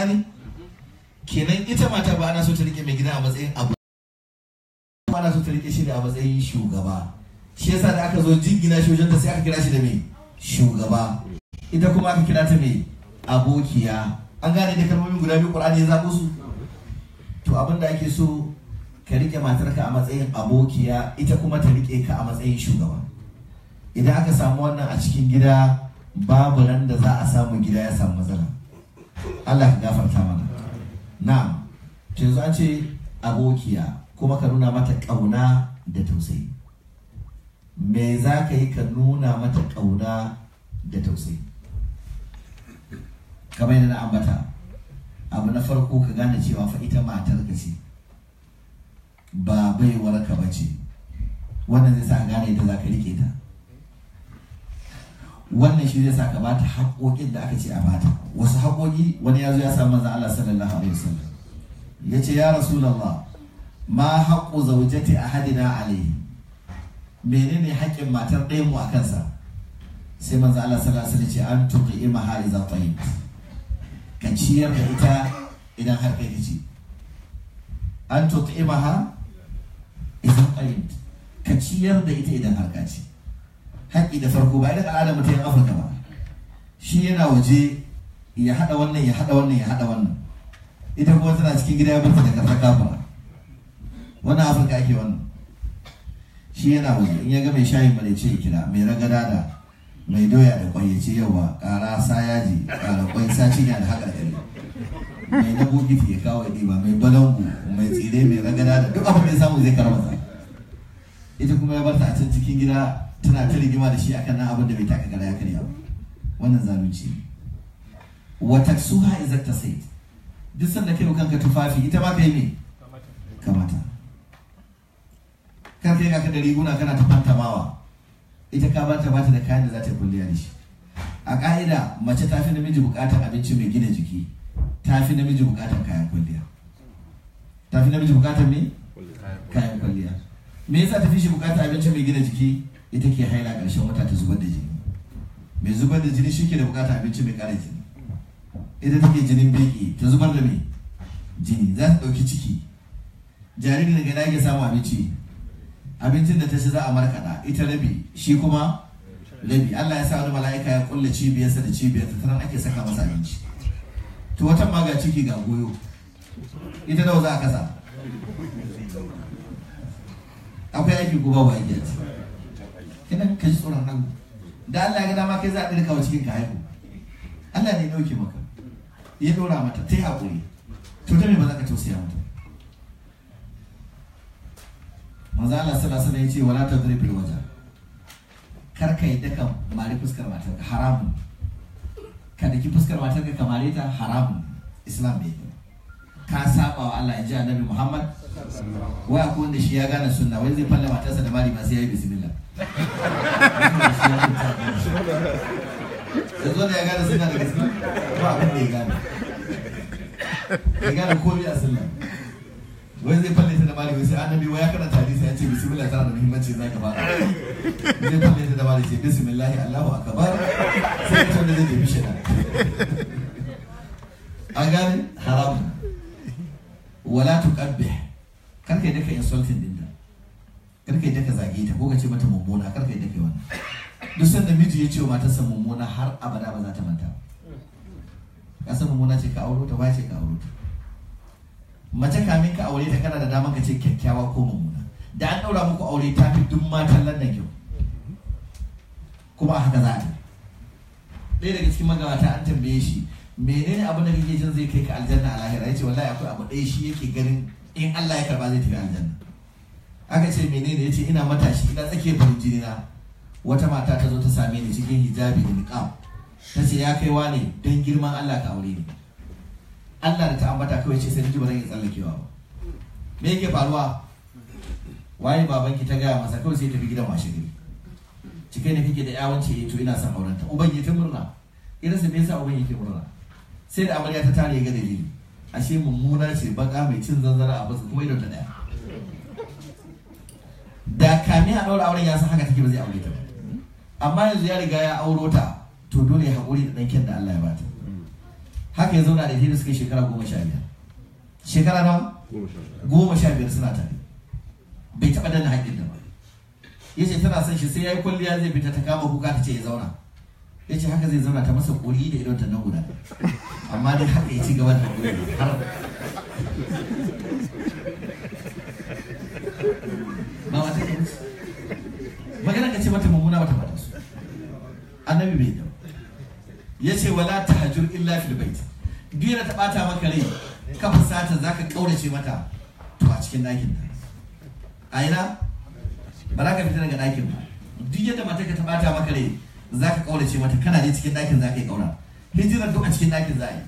gane kenan ita mata ba ana so ta rike mai gida a matsayin abu ba ana so ta rike shi da a matsayin shugaba shi yasa da aka zo jingina shi wajen ta sai aka kira shi da mai shugaba ita kuma aka kira ta mai abokiya an gane da kalmomin guda biyu qur'ani ya zabo su to abin da ake so ka rike matarka a matsayin abokiya ita kuma ta rike ka a matsayin shugaba idan aka samu wannan a cikin gida babu nan da za a samu gida ya samu matsala Allah ka gafarta mana na'am to yanzu ce abokiya kuma ka nuna mata ƙauna da tausayi me za ka yi ka nuna mata ƙauna da tausayi kamar yadda na ambata abu na farko ka gane cewa fa ita matar ka ce ba baiwar ka ba wannan zai sa gane yadda za ka rike ta wannan shi zai sa ka ta haƙoƙin da aka ce a bata wasu haƙoƙi wani ya zo ya samu manzon Allah sallallahu alaihi wasallam ya ce ya rasulullah ma haƙƙu zaujati Hadina alaihi menene haƙƙin matar ɗayan mu a kansa sai manzo Allah sallallahu alaihi wasallam ce an tuqi imaha iza tayyib ka ciyar da ita idan har kai kici an tuqi imaha iza tayyib ka ciyar da ita idan har ka haƙƙi da farko ba irin al'adar mutum afirka ba shi yana waje ya haɗa wannan ya haɗa wannan ya haɗa wannan ita kuma tana cikin gida ya barta da ƙasar kafa wannan afirka ake wannan shi yana waje in ya ga mai shayin ba da ce kira mai ragada da mai doya da kwai ya ce yawa ƙara sa yaji ƙara kwai sa cinya da haka da mai na bokiti ya kawo ya ɗiba mai balangu mai tsire mai ragada da duk abin da ya samu zai karɓa ita kuma ya barta a can cikin gida tana ta rigima da shi akan abin da bai taka gara ya karya ba wannan zalunci wa taksuha iza tasayt duk sanda kai kanka tufafi ita ma kai me kamata kan kai ka da riguna kana ta fantamawa ita ka ba bata da kayan da za ta kulliya da shi a ka'ida mace ta fi namiji bukatar abinci mai gina jiki ta fi namiji bukatar kayan kulliya ta fi namiji bukatar me kayan kulliya me yasa ta fi shi bukatar abinci mai gina jiki ita ke haila ƙarshen wata ta zubar da jini mai zubar da jini shi ke da bukata abinci mai ƙara jini ita take jinin beki ta zubar da mai jini za ta ɗauki ciki jaririn daga na yake samun abinci abincin da ta ci za a markaɗa ita rabi shi kuma rabi Allah ya sa wani mala'ika ya kulle cibiyarsa da cibiyarsa, ta ake saka masa abinci to wata ma ga ciki ga goyo ita nawa za a kasa akwai aiki ko babu a kina ka tsoron nan da Allah ga dama kai za a dinka wa cikin ka haihu Allah ne dauke maka ya dora mata ta yi hakuri to ta me ba za ka tausaya mata manzo Allah sallallahu alaihi wasallam yace wala tadribil waja kar ka yadda ka mari fuskar matar ka haramu. ka daki fuskar matar ka kamare ta haramun islam bai yi ka saba wa Allah in ji annabi Muhammad wai akwai wanda shi ya gane sunna wai zai falla matarsa da mari ba sai ya yi bismillah da zo ya gane suna ya gane gane a sallah wai zai falle da sai ya ce da muhimmanci zaka zai da sai allahu akbar sai ta da zai bi shi an gane haram wala tuqabbih karka yi insulting din ta karfe da ka zage ta ko ka ce mata mummuna karfe da ke wannan duk sanda miji ya ce wa san mummuna har abada ba za ta manta ka san mummuna ce ka auro ta ce ka auro ta mace kamin ka aure ta kana da daman ka ce kyakkyawa ko mummuna da an daura muku aure ta fi duk matan lannan kyau kuma a haka za a ɗaya daga cikin magabata an tambaye shi menene abin da kake jin zai kai ka aljanna a lahira ya ce wallahi akwai abu ɗaya shi yake ganin in Allah ya karba zai tafi aljanna aka ce menene ya ce ina matashi ina tsakiyar farin jini na wata mata ta zo ta same ni cikin hijabi da niqab ta ce ya kaiwa ne don girman Allah ka aure ni Allah da ta ambata kawai ce sai ji ba zan tsallakewa ba me yake faruwa waye babanki ta gaya masa kawai sai tafi gidan washe gari cike ne kike da yawanci eh to ina son aurenta uban ya ta murna irinsa me yasa uban yake murna sai da amarya ta tare ga dalili ashe mummuna ce baka mai cin zanzara a basu kuma idan ta daya da kame a ɗaura auren ya san haka take ba zai aure ta ba amma yanzu ya riga ya auro ta to dole ya haƙuri da ɗankin da Allah ya bata haka ya zauna da ita suke suka shekara goma sha biyar shekara nawa goma sha biyar suna tare bai taɓa danna haƙƙin da ba ya ce tana son shi sai ya yi kwalliya zai fita ta kama kuka ta ce ya zauna ya ce haka zai zauna ta masa ƙuri da idon ta nan guda amma dai haka ya ci gaba da haƙuri har ce mata mummuna bata faɗa su annabi bai da ya ce wala tahjur illa fil bait bira ta bata maka rai ka fusata zaka kaurace mata to a cikin dakin ta a ba za ka fita daga ɗakin ba duk yadda mata ka ta bata maka rai zaka kaurace mata kana je cikin ɗakin zaka yi kaura hijirar duk a cikin ɗakin za a yi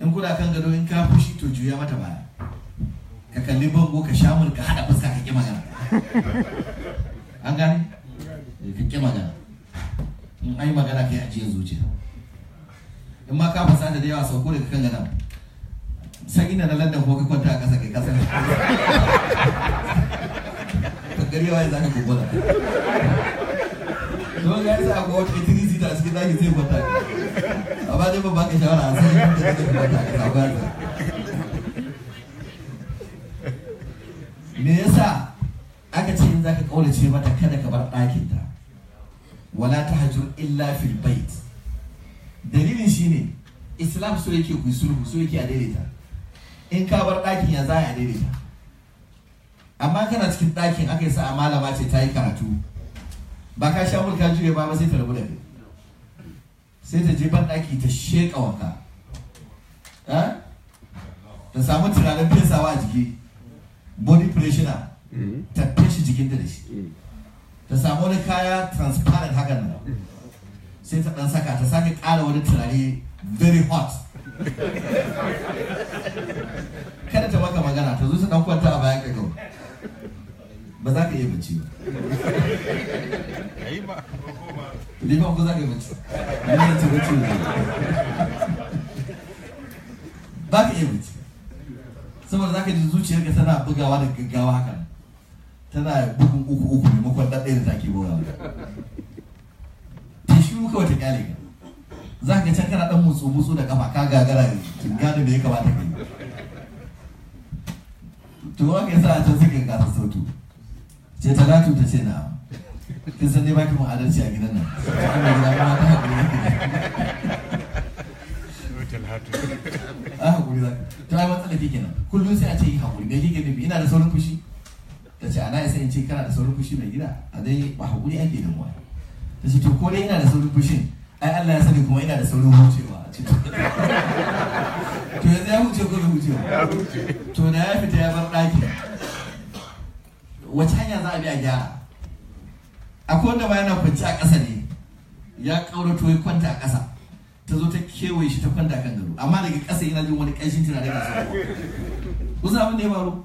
in kuna kan gado in ka fushi to juya mata baya ka kalli bango ka sha ka hada fuska ka ki magana an gane eh, ka ƙi magana in an yi magana kai ajiyar zuciya in ma ka fasata da yawa sauko daga kan gana san ina na landan ko ka kwanta a ƙasa kai ƙasa ka gari yawa ya zaka gogola don ga yasa akwai wata itiri sita cikin zaki zai kwanta A amma dai ba baka shawara a sai da zai kwanta a ƙasa ba me sa. aka ce in zaka kaulace mata kada ka bar ɗakin ta wala tahjur illa fil bait dalilin shine islam so yake ku sulhu so yake a daidaita in ka bar ɗakin ya za a daidaita amma kana cikin ɗakin aka yi sa'a malama ce ta yi karatu ba ka sha mulka jure ba sai ta rabu da sai ta je ban ɗaki ta sheƙa wanka eh? ta samu tunanin fesawa a jiki body pressure tafe shi jikin da shi ta samu wani kaya transparent haka nan sai ta dan saka ta sake kara wani turare very hot kada ta maka magana ta zo ta dan kwanta a bayan kakau ba za ka iya bacci ba ni ba ku za ka yi bacci ni ba ta bacci ba ba ka iya bacci saboda za ka ji zuciyarka tana bugawa da gaggawa haka nan tana bugun uku uku maimakon makon ɗaya da take bora ta shiru kawai wata kyale ka za ka can kana ɗan musu musu da kafa ka gagara gane da ya kamata ka yi to haka sa a can ga ta sautu ce talatu ta ce na kin san dai baki mu adalci a gidan nan wannan gida ma ta hakuri a hakuri za ta yi matsala kenan kullum sai a ce yi hakuri da kike nufi ina da saurin fushi ta ce ana isa in ce kana da saurin fushi mai gida a dai ba haƙuri ake da mu ta ce to ko dai ina da saurin fushi ai Allah ya sani kuma ina da saurin hucewa to yanzu ya huce ko bai huce ba to da ya fita ya bar ɗaki wace hanya za a bi a gyara akwai wanda ba yana kwanci a ƙasa ne ya ƙaurato ya kwanta a ƙasa ta zo ta kewaye shi ta kwanta kan gado amma daga ƙasa yana jin wani ƙanshin tana daga sauwa kusa abin da ya faru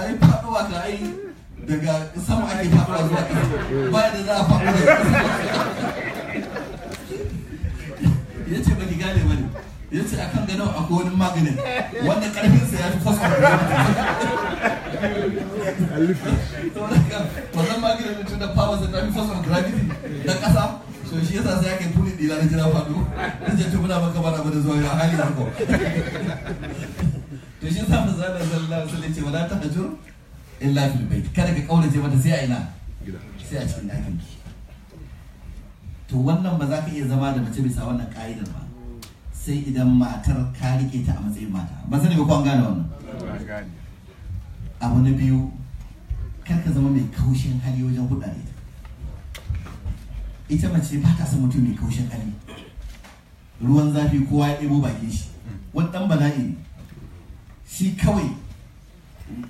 ai faduwa ka ai daga sama ake faduwa zuwa ƙasa ba da za a faɗo da ƙasa ya ce baki gane bane ya ce akan gano a wani maganin wanda ƙarfinsa ya fi fasa ƙasa wannan maganin tun da fawa zai ta fi fasa gravity da ƙasa so shi yasa sai ake yi ɗila da jira faɗo na ce tun muna maka bana bada zuwa yau hali na ko to shi sa manzo Allah sallallahu alaihi wasallam ce wala tahjur illa fil bait kada ka kaurace mata sai a ina sai a cikin ɗakin to wannan ba za ka iya zama da mace bisa wannan ka'idar ba sai idan matar ka rike ta a matsayin mata ba sani ba ko an gane wannan abu na biyu kar ka zama mai kaushin hali wajen hudu ita ita mace ba ta san mutum mai kaushin hali ruwan zafi kowa ya ɗebo bakin shi wani ɗan bala'i ne shi kawai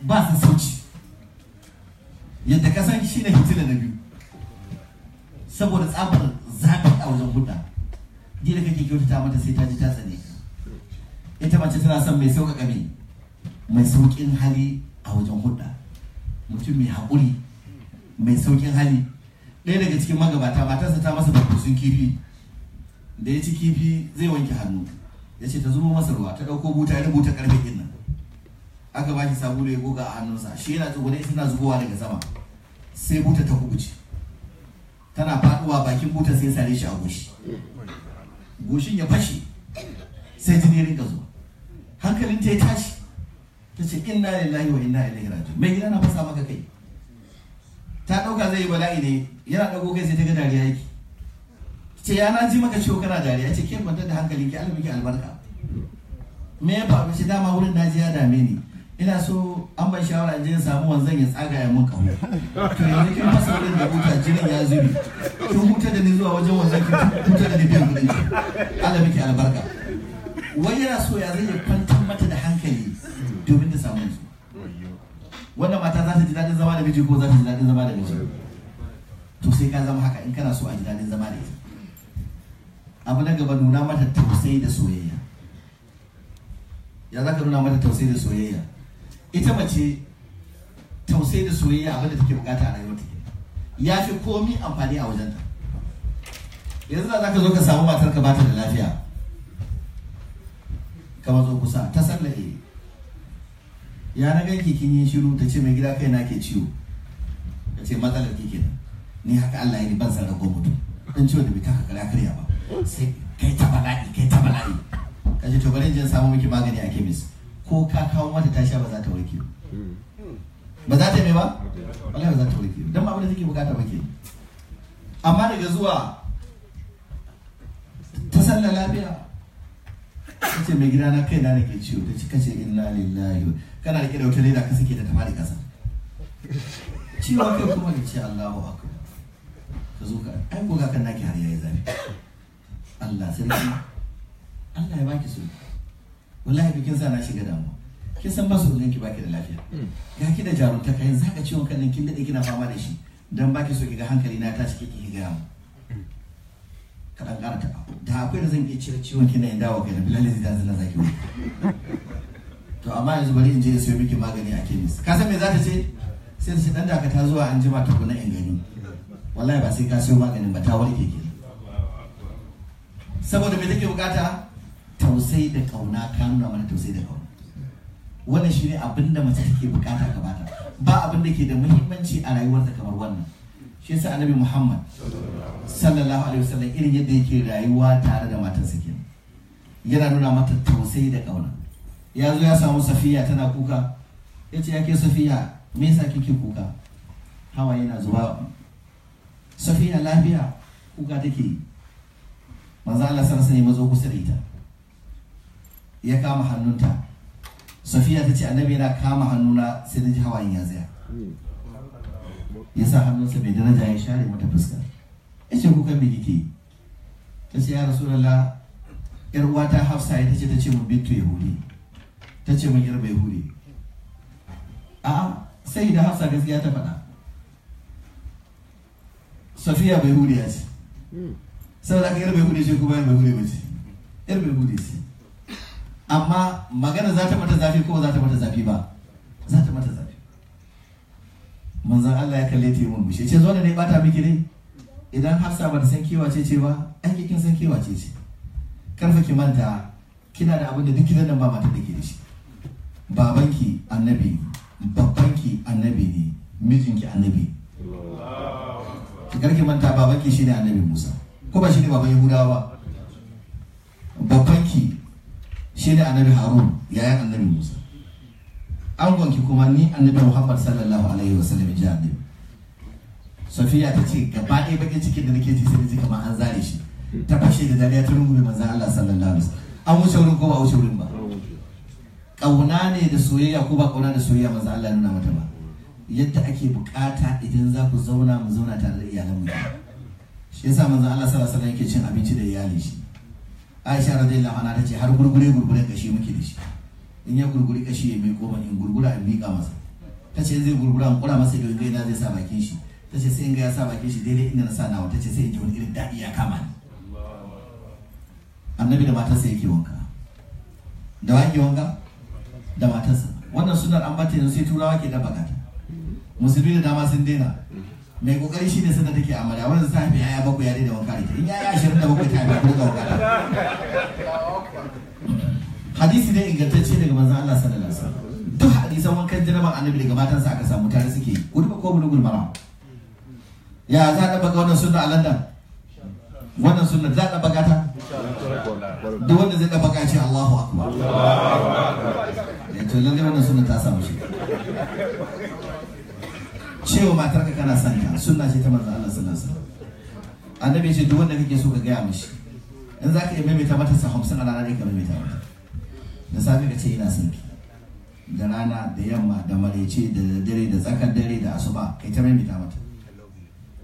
ba su sauci yadda ka san shi ne hitila na biyu saboda tsabar zaɓi a wajen hudda ji da kake kyautata mata sai ta ji ta tsane ita mace tana son mai sauƙaƙa mai mai sauƙin hali a wajen hudda mutum mai haƙuri mai sauƙin hali ɗaya daga cikin magabata matarsa ta masa barkusun kifi da ya ci kifi zai wanke hannu ya ce ta zubo masa ruwa ta ɗauko buta ya rubuta ƙarfe ɗin aka ba shi sabulu ya goga a hannunsa shi yana tsogone suna zubowa daga sama sai buta ta kubuce tana faduwa bakin buta sai sare shi a goshi goshin ya fashe sai jini rinka zuwa hankalin ta ya tashi ta ce inna lillahi wa inna ilaihi raji'un mai gida na fasa maka kai ta dauka zai yi bala'i ne yana dauko kai sai ta ga dariya yake ce ya na ji maka ciwo kana dariya ce ke kwantar da hankalin ki albarka me ya faru shi dama wurin na ji ya dame ni ina so an ban shawara in je samu wanzan ya tsaga ya muka to yanzu kin fasa wurin da huta jinin ya zubi kin huta da ni zuwa wajen wanzan kin huta da ni biyan kuɗin ki Allah miki albarka wai yana so ya zai kwantar mata da hankali domin ta samu su wannan mata za ta ji daɗin zama da miji ko za ta ji daɗin zama da miji to sai ka zama haka in kana so a ji daɗin zama da ita abu na gaba nuna mata tausayi da soyayya ya za ka nuna mata tausayi da soyayya ita mace tausayi da soyayya abinda take bukata a rayuwarta ya fi komi amfani a wajen ta yanzu za ka zo ka samu matar ka bata da lafiya ka zo kusa ta sallare ya na ganki kin yi shiru ta ce mai gida kai na ke ciwo ka ce matsalar ki kenan ni haka Allah ya ni ban san ragon mutum dan ciwo da bita ka kara karya ba sai kai ta bala'i kai ta bala'i kaje to bare in je samu miki magani a kemis ko ka kawo mata ta sha ba za ta warke ba hmm. ba za ta yi ba wallahi ba za ta warke don ba abin da take bukata ba ke amma daga zuwa ta sallah lafiya ta ce mai na kai na nake ciwo ta ci kace inna lillahi kana rike da wata da ka suke da ta fadi kasa ciwo kai kuma ne ce Allahu akbar ka zo ka ai goga kan naki har yayi zafi Allah sai Allah ya baki su wallahi dukin sa na shiga damuwa kin san ba su ganin ki baki da lafiya hmm. ga ki da jarumta kai za ka ciwon kan kin dade kina fama da shi dan baki so ki ga hankali na tashi kike ki ga mu dan hmm. gara ta da akwai da zan ki cire ciwon kina nan dawo kai da bilal zai danzana zaki wani to amma yanzu bari in je sai miki magani a kemis ka san me za ta ce sai ta ce ka ta zuwa an jima ta kuna in gani wallahi ba sai ka sayo maganin ba ta warke ke saboda me take bukata tausayi da kauna ka nuna mana tausayi da kauna wannan shine abin da mace take bukata ka bata ba abin ke da muhimmanci a rayuwarta kamar wannan shi yasa annabi Muhammad sallallahu alaihi wasallam irin yadda yake rayuwa tare da matarsa ke. yana nuna mata tausayi da kauna ya zo ya samu safiya tana kuka ya yake safiya me yasa kike kuka hawa yana zuba safiya lafiya kuka take manzo Allah sarsa ne mazo kusa da ita ya kama hannunta safiya ta ce annabi yana kama hannuna sai na ji hawayen ya tsaya ya sa hannunsa mai daraja ya share mata fuska ya ce kuka me kike yi ta ce ya rasu lalla. yar uwata hafsa ya ce ta ce mun bintu yahudi ta ce mun yarba yahudi a'a sai da hafsa gaskiya ta faɗa safiya bai ya ce hmm. saboda aka yarba yahudi ce kuma yarba yahudi ba ce yarba yahudi ce amma magana za ta mata zafi ko za ta mata zafi ba za ta mata zafi manzan Allah ya kalle ta yi mun bushe ce zo da ne bata miki ne idan hafsa ba ta san kewace ce ba ki kin san kewace ce karfa ki manta kina da abin da duk kina nan ba mata da ke da shi babanki annabi ne babbanki annabi ne mijinki annabi ki karki manta babanki shine annabi Musa ko ba shine baban Yahudawa ba babban shi ne annabi harun yayin annabi musa an gwanki kuma ni annabi muhammad sallallahu alaihi wasallam ji annabi safiya ta ce gaba ɗaya bakin cikin da nake ji sai ji kamar an zare shi ta fashe da dariya ta rungume manzan allah sallallahu alaihi sallam an wuce wurin ko ba wuce wurin ba ƙauna ne da soyayya ko ba ƙauna da soyayya manzan allah nuna mata ba yadda ake bukata idan za ku zauna mu zauna tare da iyalanmu shi yasa manzan allah sallallahu alaihi sallam yake cin abinci da iyali shi aisha radiyallahu anha tace har gurgure gurgure kashi muke da shi in ya gurguri kashi ya mai mani in gurgura in miƙa masa tace zai gurgura in kura masa ido in na zai sa bakin shi tace sai in ga ya sa bakin shi daidai inda na sa nawa tace sai in ji wani irin daɗi ya kama ni annabi da matarsa yake wanka da wa yake wanka da matarsa wannan sunan an bata yanzu sai turawa ke da bakata musulmi da dama sun daina mai kokari shi ne sanda take amarya wannan safi yaya bakwai ya daina wanka ita in yaya ashirin da bakwai ta biyu ko wanka hadisi ne ingantacce daga manzon Allah sallallahu alaihi wasallam duk hadisan wankan jaraban annabi daga matansa aka samu tare suke yi ko ko bulugul mara ya za a baka wannan sunna a London wannan sunna za a baka ta Duk wanda zai da baka ce Allahu akbar Allahu akbar to lalle wannan sunna ta samu shi cewa matar ka kana sani ta sunna ce ta manzo Allah sallallahu alaihi wasallam annabi ce duk wanda kake so ka gaya mishi in zaka yi maimaita mata sa hamsin a rana ne ka maimaita mata da safe ka ce ina son ki da rana da yamma da marece da dare da tsakar dare da asuba kai ta maimaita mata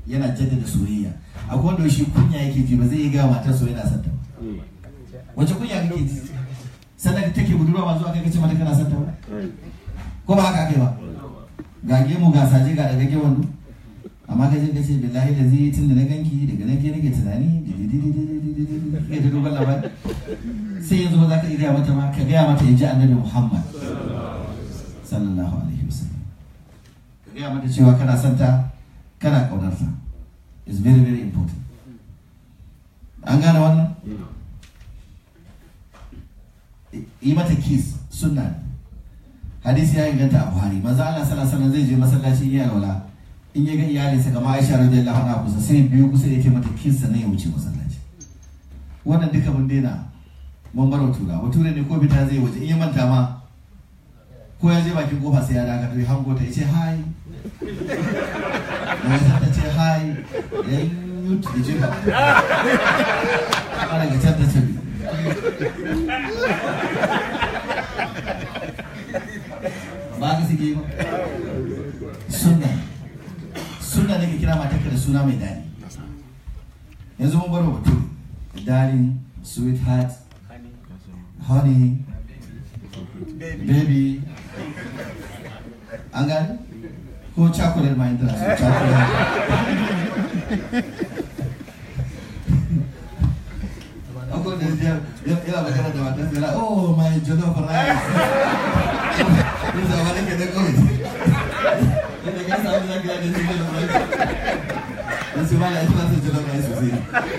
yana jaddada soyayya akwai wanda shi kunya yake ji ba zai yi gaya matar so yana son ta wace kunya kake ji sannan take budurwa ba zuwa kai kace mata kana son ta ba ko ba haka kai ba gage mu ga saje ga daga wando amma ka ka ce billahi da zai tun da na ganki daga ke nake tunani ya ta dogon labari sai yanzu ba za ka iya mata ma ka gaya mata ya ji annabi muhammad sallallahu alaihi wasallam ka gaya mata cewa kana santa kana kaunarsa is very very important an gane wannan yi mata kiss sunna hadisi ya inganta a buhari manzo Allah sallallahu alaihi zai je masallaci ya alwala in ya ga iyalinsa kamar Aisha radiyallahu anha kusa sai biyu kusa yake mata kinsa ne ya wuce masallaci wannan duka mun daina mun bar tura bature ne ko bita zai waje in ya manta ma ko ya je bakin kofa sai ya dakatar ya hango ta ya ce hai ya ta ce hai ya yi yutu da je ba ana ga can ta ce Suna, sunna sunna ne ka kira matarka da suna mai daɗi yanzu mun darling sweetheart honey baby an ko chocolate ma inda su oh my jollof perai. Yin zama nake na kawai.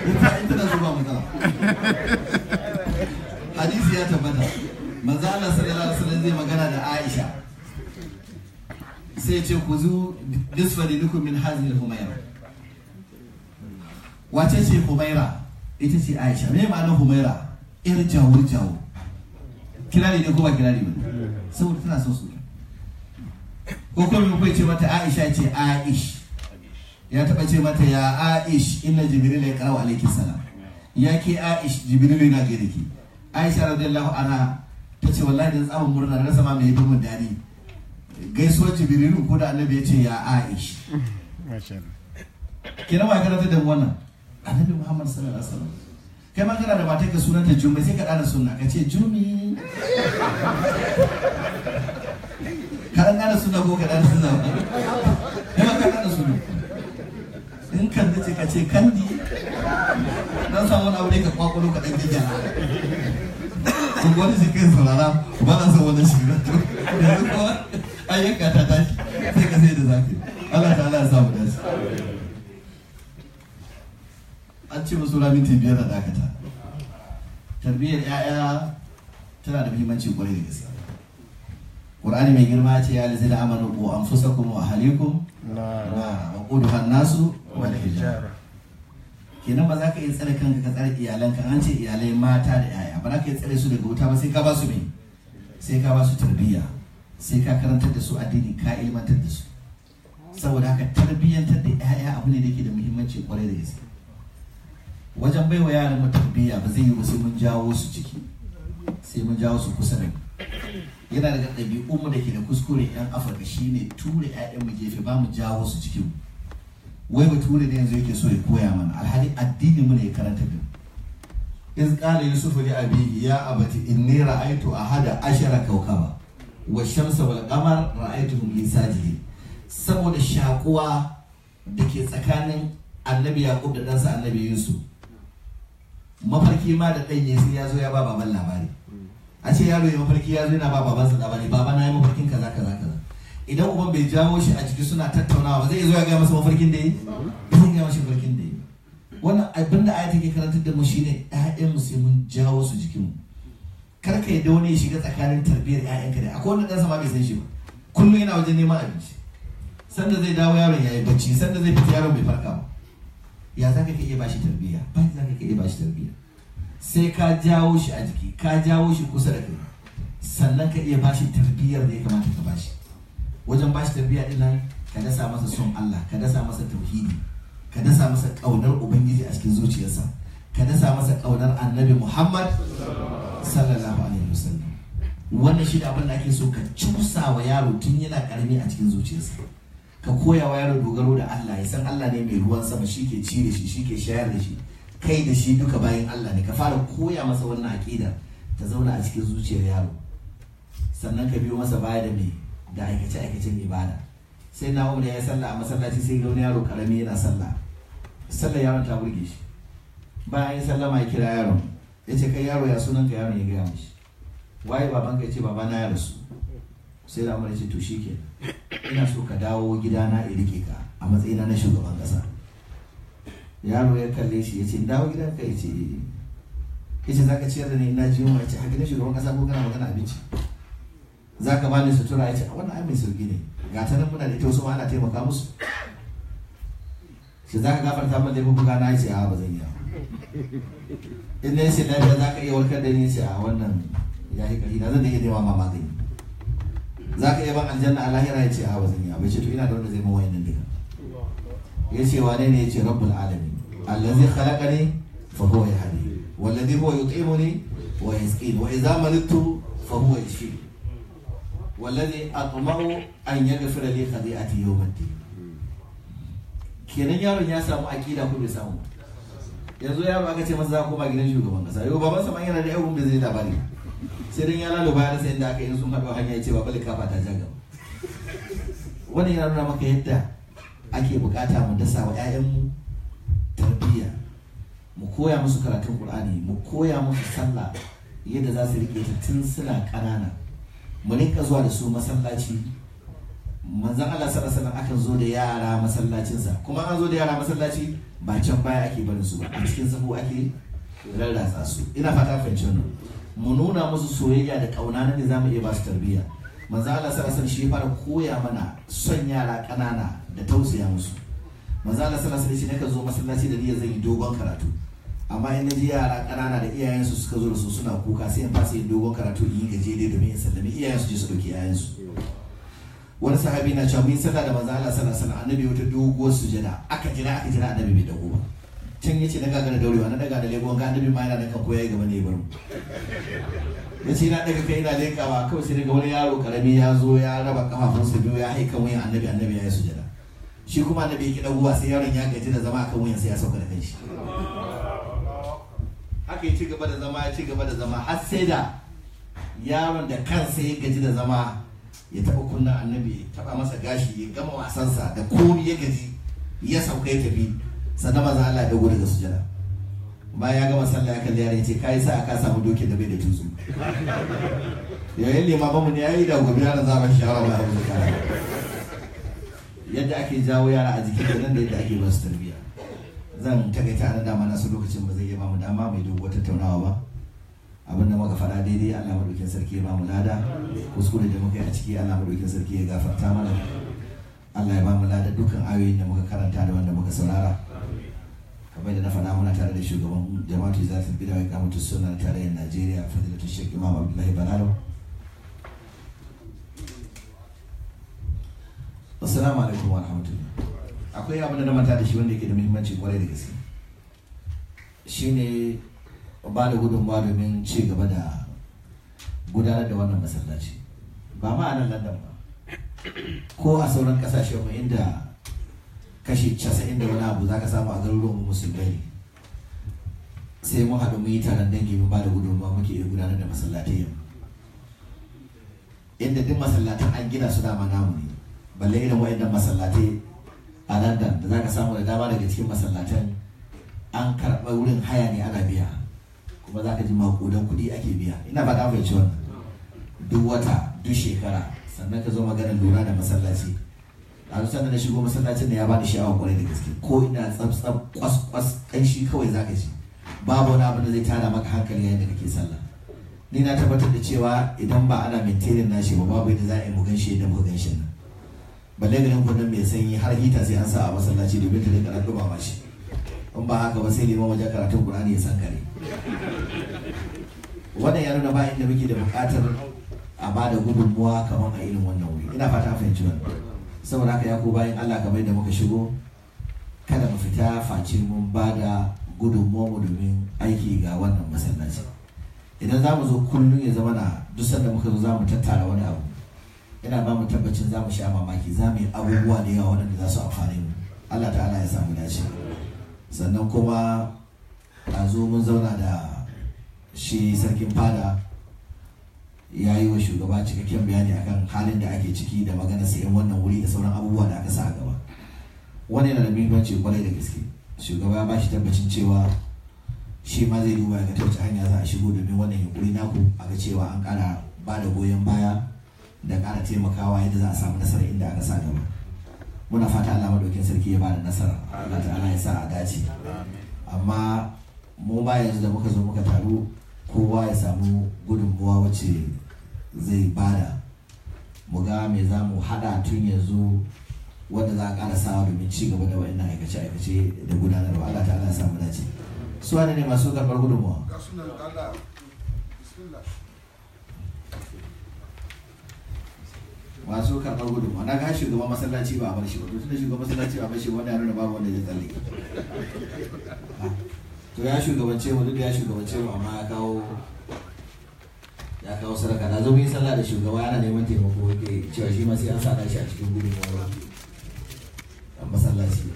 Yadda da da ya tabbatar maza Allah sallallahu alaihi magana da Aisha. Sai ce ku zu min hazil Ita ce Aisha. Me ma'anar Humaira? Yar jawo ne ko ba ba? saboda tana son su ko kuma kai ce mata Aisha ce Aish ya taba ce mata ya Aish inna Jibril ya kawo alaihi salam ya ke Aish Jibril yana gare ki Aisha radiyallahu anha ta ce wallahi da tsabon murna rasa ma mai bin dadi gaisuwar Jibril ko da Annabi ya ce ya Aish kina ma karanta da wannan Annabi Muhammad sallallahu alaihi wasallam kai ma kana da matar ka sunanta jumi sai ka ɗana suna ka ce jumi ka ɗan ɗana suna ko ka ɗara suna ba kai ma ka ɗana suna in kan ce ka ce kandi dan samu wani aure ka kwakwalo ka ɗan gida ko wani shi kai saurara ba na san wani shi ba yanzu kuma ayyuka ta tashi sai ka sai da zafi Allah ta Allah ya samu dace an ce musu ra minti biyar da dakata tarbiyyar 'ya'ya tana da muhimmanci kwarai da gaske Qur'ani mai girma ce ya lizi da amanu ku kuma wa ahlikum na wa hannasu wa da hijara kenan ba za ka iya tsare kanka ka tsare iyalanka an ce iyalai mata da yaya ba za ka iya tsare su daga wuta ba sai ka ba su me sai ka ba su tarbiyya sai ka karantar da su addini ka ilmantar da su saboda haka tarbiyyantar da yaya abu ne da ke da muhimmanci kwarai da gaske wajen baiwa yaran mu tarbiyya ba zai yi sai mun jawo su ciki sai mun jawo su kusa da yana daga ɗabi'un mu da ke da kuskure yan afirka shine ture ƴaƴan mu gefe ba mu jawo su ciki wai ba bature ne yanzu yake so ya koya mana alhali addini mu ne ya karanta da iz qala yusuf li abihi ya abati inni ra'aytu ahada ashara kawkaba wa shamsa wal qamar ra'aytuhum li jiki. saboda shakuwa da ke tsakanin annabi yaqub da ɗansa annabi yusuf mafarki ma da ɗan sai ya zo ya ba baban labari a ce yaro ya mafarki ya zo yana ba babansa labari baba na yi mafarkin kaza kaza kaza idan uban bai jawo shi a jiki suna tattaunawa ba zai zo ya gaya masa mafarkin da yi ba zai gaya masa mafarkin da yi wannan abin da aya ke karantar da mu shine ƴaƴan mu sai mun jawo su jikin mu kar ka yadda wani ya shiga tsakanin tarbiyyar ƴaƴanka da akwai wanda ɗansa ma bai san shi ba kullum yana wajen neman abinci sanda zai dawo yaron ya yi bacci sanda zai fita yaron bai farka ba ya za ka iya bashi tarbiyya ba za ka iya bashi tarbiyya sai ka jawo shi a jiki ka jawo shi kusa da kai sannan ka iya bashi tarbiyar da ya kamata ka bashi wajen bashi tarbiyya din nan ka dasa masa son Allah ka dasa masa tauhidi ka dasa masa kaunar ubangiji a cikin zuciyarsa ka dasa masa kaunar annabi Muhammad sallallahu alaihi wasallam wannan shi da abin da ake so ka cusa wa yaro tun yana karami a cikin zuciyarsa ka koyawa yaro dogaro da Allah ya san Allah ne mai ruwan sama shi ke cire shi shi ke shayar da shi kai da shi duka bayan Allah ne ka fara koya masa wannan aƙida ta zauna a cikin zuciyar yaro sannan ka biyo masa baya da mai da aikace aikacen ibada sai na umar ya sallah a masallaci sai ga wani yaro karami yana sallah sallah yaron ta burge shi bayan ya sallama ya kira yaron ya ce kai yaro ya sunan ka yaron ya gaya mishi waye babanka ya ce babana ya rasu sai da umar ya ce to shi kenan ina so ka dawo gidana ya rike ka a matsayina na shugaban kasa yaro ya kalle shi ya ce dawo gidan ka ya ce ya ce za ka ciyar da ni ina ji yunwa ya ce haka shugaban kasa ko kana magana abinci za ka bani sutura ya ce a wannan amin sauki ne ga ta nan muna da ita wasu ma ana taimaka musu shi za ka gafarta min laifin buga na ya ce a ba zan yi in na yi sai lafiya za ka iya warkar da ni ya ce a wannan ya yi ƙarfi na zan da iya nema ma magani za ka iya ban aljanna a lahira ya ce a ba zan yi ba to ina da wanda zai duka ya ce wane ne ya ce rabbul alamin allazi khalaqani fa huwa yahdi wallazi huwa yut'imuni wa yasqini wa idza fa huwa yashfi wallazi atma'u an li khati'ati yawm ad-din kenan yaron ya samu ko bai samu yanzu yaro aka ce masa za ka gidan shugaban kasa yau baban sa yana da yawon da zai sirin ya lalu ya rasa yadda aka yi sun haɗu hanya ya ce ba bali kafa ta jaga wannan yana nuna maka yadda ake bukata mu dasa wa ƴaƴanmu tarbiyya mu koya musu karatun qur'ani mu koya musu sallah yadda za su rike ta tun suna ƙanana mu rinka zuwa da su masallaci manzan Allah sallallahu alaihi akan zo da yara masallacinsa kuma an zo da yara masallaci ba can baya ake barin su ba a cikin sahu ake rarratsa su ina fata fahimci wannan mu nuna musu soyayya da ƙauna na ne za mu iya ba su tarbiyya manzo Allah sallallahu alaihi shi fara koya mana son yara ƙanana da tausaya musu manzo Allah sallallahu alaihi wasallam zo masallaci da niyyar zan yi dogon karatu amma in ji yara ƙanana da iyayensu suka zo da su suna kuka sai in fasa yin dogon karatu in yi gajere domin in sallami iyayensu je su ɗauki iyayensu wani sahabi na cewa mun sallah da manzo Allah sallallahu alaihi annabi wata doguwar sujada aka jira aka jira annabi bai dago ba can yace na gagara daurewa na daga da lebuwan ga annabi ma yana da kan koyayi gaba ne baro yace na daga kai ina lekawa kawai sai daga wani yaro karami ya zo ya raba kafafunsa biyu ya haika wuyan annabi annabi ya yi sujada shi kuma annabi ya ki guba sai yaron ya gaji da zama akan wuyan sai ya sauka da kanshi haka ya ci gaba da zama ya ci gaba da zama har sai da yaron da kansa ya gaji da zama ya taɓa kunna annabi ya taɓa masa gashi ya gama wasansa da komi ya gaji ya sauka ya tafi sannan ba za a lafi gudu da sujada ba ya gama sallah ya kalli yare ce ce yi sa a kasa mu doke da bai da tutsu yayin limamin mu ne ya yi da gobe yaran za ba shi shawara ba yanzu kana yadda ake jawo yara a jikin nan da yadda ake ba su tarbiyya zan takaita na dama na su lokacin ba zai iya ba mu dama mai dogo tattaunawa ba abin da muka faɗa daidai Allah madaukin sarki ya ba mu lada kuskure da muka yi a ciki Allah madaukin sarki ya gafarta mana Allah ya ba mu lada dukkan ayoyin da muka karanta da wanda muka saurara kamar yadda na faɗa muna tare da shugaban jama'atu za su bida wai kamata suna tarayyar najeriya fadilatu shek imam abdullahi banalo assalamu alaikum wa rahmatullah akwai abin da na manta da shi wanda yake da muhimmanci kwarai da gaske shine ba da gudunmawa domin ci gaba da gudanar da wannan masallaci ba ma a nan london ba ko a sauran kasashe mu inda kashi casa'in da wani abu za ka samu a garuruwan musulmai sai mun haɗu mu yi taron dangi mu ba da gudunmawa muke iya gudanar da masallatai yau inda duk masallatan an gina su dama namu ne balle irin wa'annan masallatai a london da za ka samu da dama daga cikin masallatan an karɓa wurin haya ne ana biya kuma za ka ji maƙudan kuɗi ake biya ina ba ta fahimci wannan duk wata duk shekara sannan ka zo maganar lura da masallaci a san da na shigo masallacin da ya bani sha'awa kwarai da gaske ko ina tsabtsab kwas kwas kanshi kawai zaka ji babu wani abin da zai tada maka hankali yayin da kake sallah ni na tabbatar da cewa idan ba ana maintainin nashi ba babu yadda za a yi mu ganshi yadda mu ganshi nan balle garin gudun mai sanyi har hita sai an sa a masallaci domin ta dinga ɗuba ma in ba haka ba sai neman wajen karatun Qur'ani ya san kare wannan ya nuna ba inda muke da buƙatar a ba da gudunmuwa kamar a irin wannan wuri ina fata fahimci wannan saboda haka ya ku bayan Allah kamar da muka shigo kada mu fita face mun ba da gudunmu domin aiki ga wannan masallaci idan za mu zo kullum ya zama na duk sanda muka zo za mu tattara wani abu yana ba mu tabbacin za mu sha mamaki za mu yi abubuwa da yawa waɗanda za su amfani mu Allah ta'ala ya samu dace sannan kuma a zo mun zauna da shi sarkin fada ya yi wa shugaba cikakken bayani akan halin da ake ciki da magana sayan wannan wuri da sauran abubuwa da aka sa a gaba Wani yana da muhimmanci kwarai da gaske shugaba ba shi tabbacin cewa shi ma zai duba ga ta hanya za a shigo domin wannan yunkuri naku a ga cewa an kara ba da goyon baya da kara taimakawa yadda za a samu nasara inda aka sa gaba muna fata Allah madaukin sarki ya ba da nasara Allah ta'ala ya sa a dace amma mu ba yanzu da muka zo muka taru kowa ya samu gudunmuwa wacce zai bada mu ga me za mu hada tun yanzu wanda za a kara sawa domin ci gaba da wa'annan aikace-aikace da gudanarwa Allah ta Allah samu dace su wane ne masu karbar gudunmuwa masu karɓar gudunmuwa na ga shugaban masallaci ba a bar shi ba tun da shugaban masallaci ba a bar shi ba wanda ya nuna babu wanda ya tsalle to ya shugabance mu duk ya shugabance mu amma ya kawo ya kawo sarka na zo sallah da shugaba yana neman taimako ke cewa shi ma sai an sada shi a cikin gudun yawa a masallaci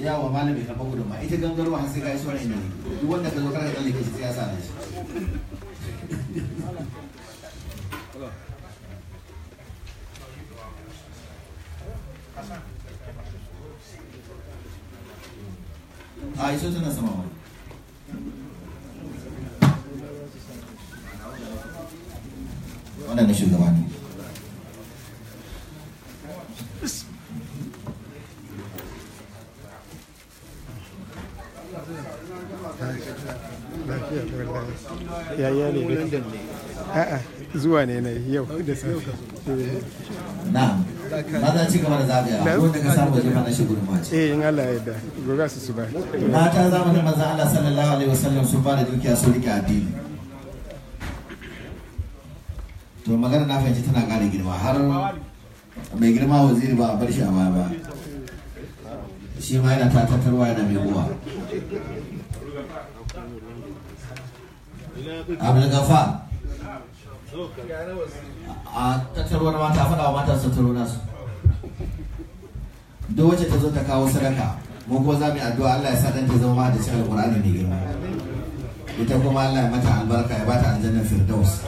yawa malami na gudun ma ita gangarwa har sai ka yi suwar ina duk wanda ka zo karka tsalle ke shi sai ya sada shi 会場と皆様を我々の修道側に。yaya ne a'a zuwa ne na yau da safe na maza ci gaba da zagaya wanda ka samu waje na shi gudunmawa ce eh in Allah ya yarda gobe su ba mata zamanin manzo Allah sallallahu alaihi wasallam sun ba da dukiya sun rike addini to magana na fahimci tana ƙara girma har mai girma waziri ba a bar shi a baya ba shi ma yana tatattarwa yana mai guwa abulgafa a tattarwar mata faɗa wa mata su taro nasu duk wacce ta zo ta kawo sadaka mu ko za mu yi addu'a Allah ya sa dan ta zama da cikin alqur'ani mai girma ita kuma Allah ya mata albarka ya bata aljannar firdaus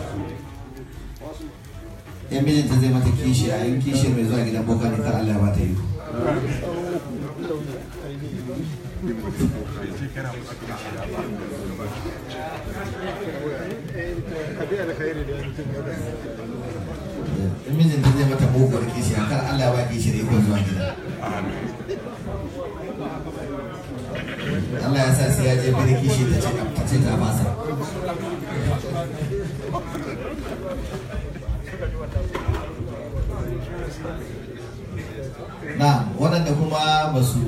yan mijinta zai mata kishi a yin kishi mai zuwa gidan boko ne kar Allah ya bata yi mijinta zai mata bogar kishi a kar Allah ya ba kishi da ikon zuwa gidan Allah ya sa sai ya je birki shi ta ce ta fasa na waɗanda kuma ba su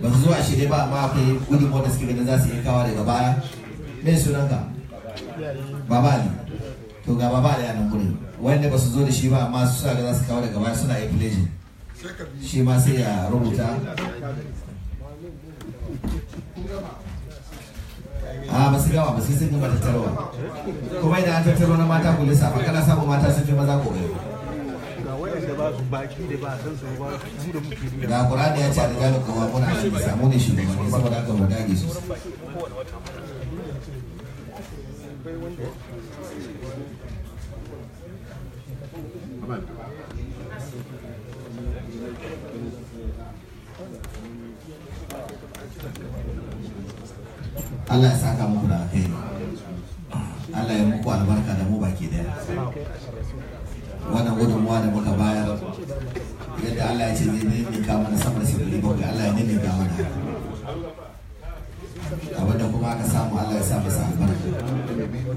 ba su zuwa shirye ba amma akwai gudun da suke ganin za su yi kawa daga baya mai sunanka baba ne to ga baba ne a nan gurin wanda ba su zo da shi ba amma su sa ga za su kawo daga baya suna yin pledging shi ma sai ya rubuta a ba gawa ba sai sun gama tattarwa kuma idan an tattaro na mata kuli safa kana samun mata sun fi maza ko ga kurani ya ce a rijalin kowa kuna a samu ne shugabanni saboda haka mu dage su Thank you. Allah ya saka mu da kai Allah ya muku albarka da mu baki daya wannan gudunmuwa da muka bayar yadda Allah ya ce zai nemi kama na sabar da sabili bakwai Allah ya nemi kama da abinda kuma aka samu Allah ya sa masa albarka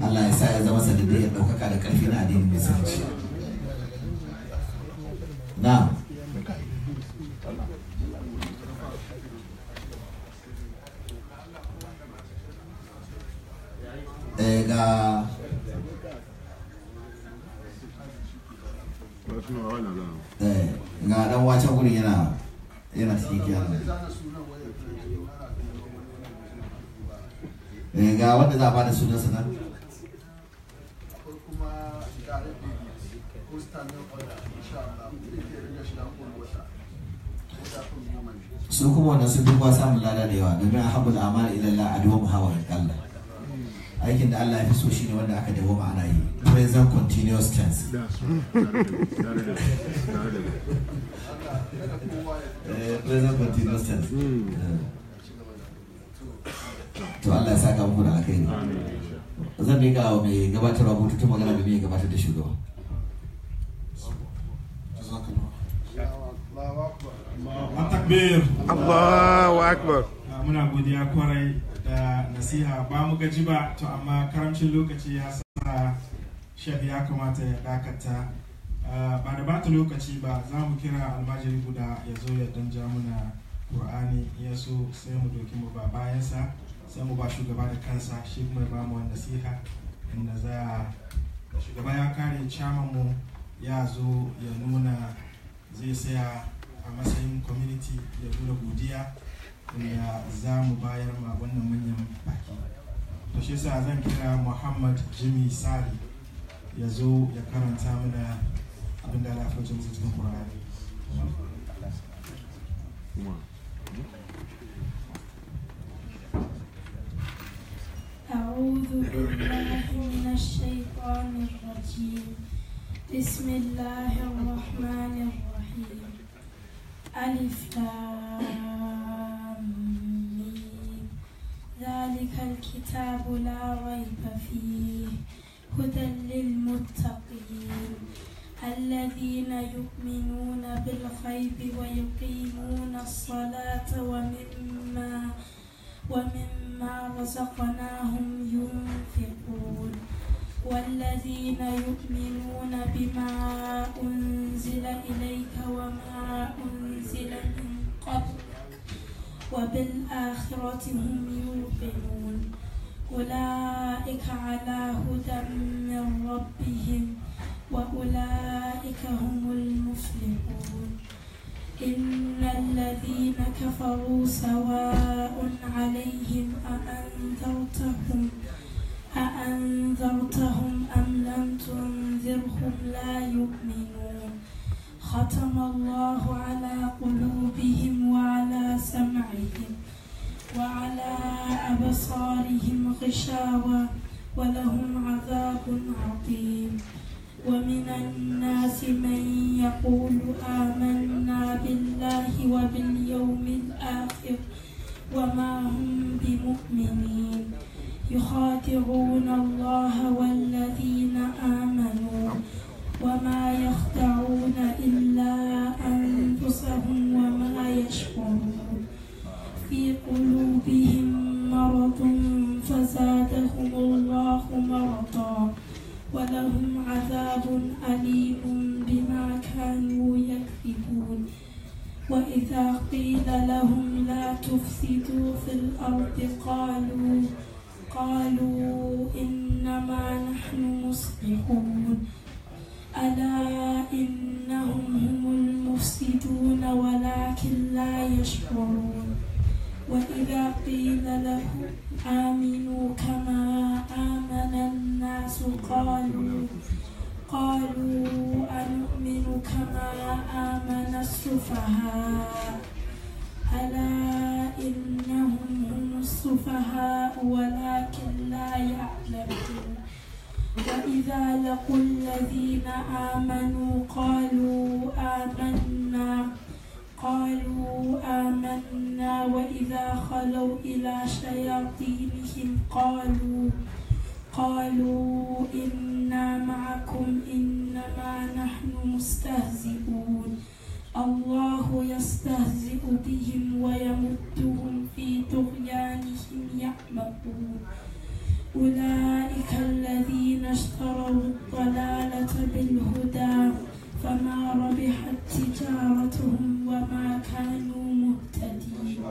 Allah ya sa ya zama sanadiyar ɗaukaka da ƙarfi na addinin musulunci na'am daga eh, ga dan wacan gurin yana yana cikin kyanan eh, ga wanda za a bada sunan sanar su kuma wannan sun duk samun lada da yawa domin a haɓu da amana ilallah a duwa muhawarar kallon aikin da Allah ya fi so shine wanda aka dawo ma'ana yi present continuous tense eh, present continuous tense hmm. to Allah ya saka muku da akai zan dinga wa mai gabatarwa bututun magana da mai gabatar da shugaba Allah akbar Allah akbar muna godiya kwarai da nasiha ba mu gaji ba to amma karamcin lokaci ya sa shafi ya kamata ya dakata ah, ba da bata lokaci ba za mu kira almajiri guda ya zo ya dan ja muna qur'ani ya so sai mu doki mu ba bayansa sai mu ba shugaba da kansa shi kuma ba mu nasiha inda za shugaba ya kare chairman mu ya zo ya nuna zai saya a matsayin community ya nuna godiya ya za mu bayar ma wannan manyan baki to shi sa zan kira muhammad jimmy sari ya zo ya karanta mana abin da alaƙa wajen cikin kurari أعوذ بالله من الشيطان الرجيم بسم الله الرحمن الرحيم ألف لام الكتاب لا ريب فيه هدى للمتقين الذين يؤمنون بالغيب ويقيمون الصلاة ومما ومما رزقناهم ينفقون والذين يؤمنون بما أنزل إليك وما أنزل من قبلك وبالآخرة هم يوقنون أولئك على هدى من ربهم وأولئك هم المفلحون إن الذين كفروا سواء عليهم أأنذرتهم أأنذرتهم أم لم تنذرهم لا يؤمنون ختم الله على قلوبهم وعلى سمعهم وعلى أبصارهم غشاوة ولهم عذاب عظيم ومن الناس من يقول آمنا بالله وباليوم الآخر وما هم بمؤمنين يخادعون الله والذين آمنوا وما يخدعون إلا أنفسهم وما يشكرون في قلوبهم مرض فزادهم الله مرضا ولهم عذاب أليم بما كانوا يكذبون وإذا قيل لهم لا تفسدوا في الأرض قالوا قالوا إنما نحن مصلحون ألا إنهم هم المفسدون ولكن لا يشعرون وإذا قيل لهم آمنوا كما آمن الناس قالوا قالوا أنؤمن كما آمن السفهاء ألا إنهم هم السفهاء ولكن لا يعلمون وإذا لقوا الذين آمنوا قالوا خلوا إلى شياطينهم قالوا قالوا إنا معكم إنما نحن مستهزئون الله يستهزئ بهم ويمدهم في طغيانهم يعمقون أولئك الذين اشتروا الضلالة بالهدى فما ربحت تجارتهم وما كانوا مهتدين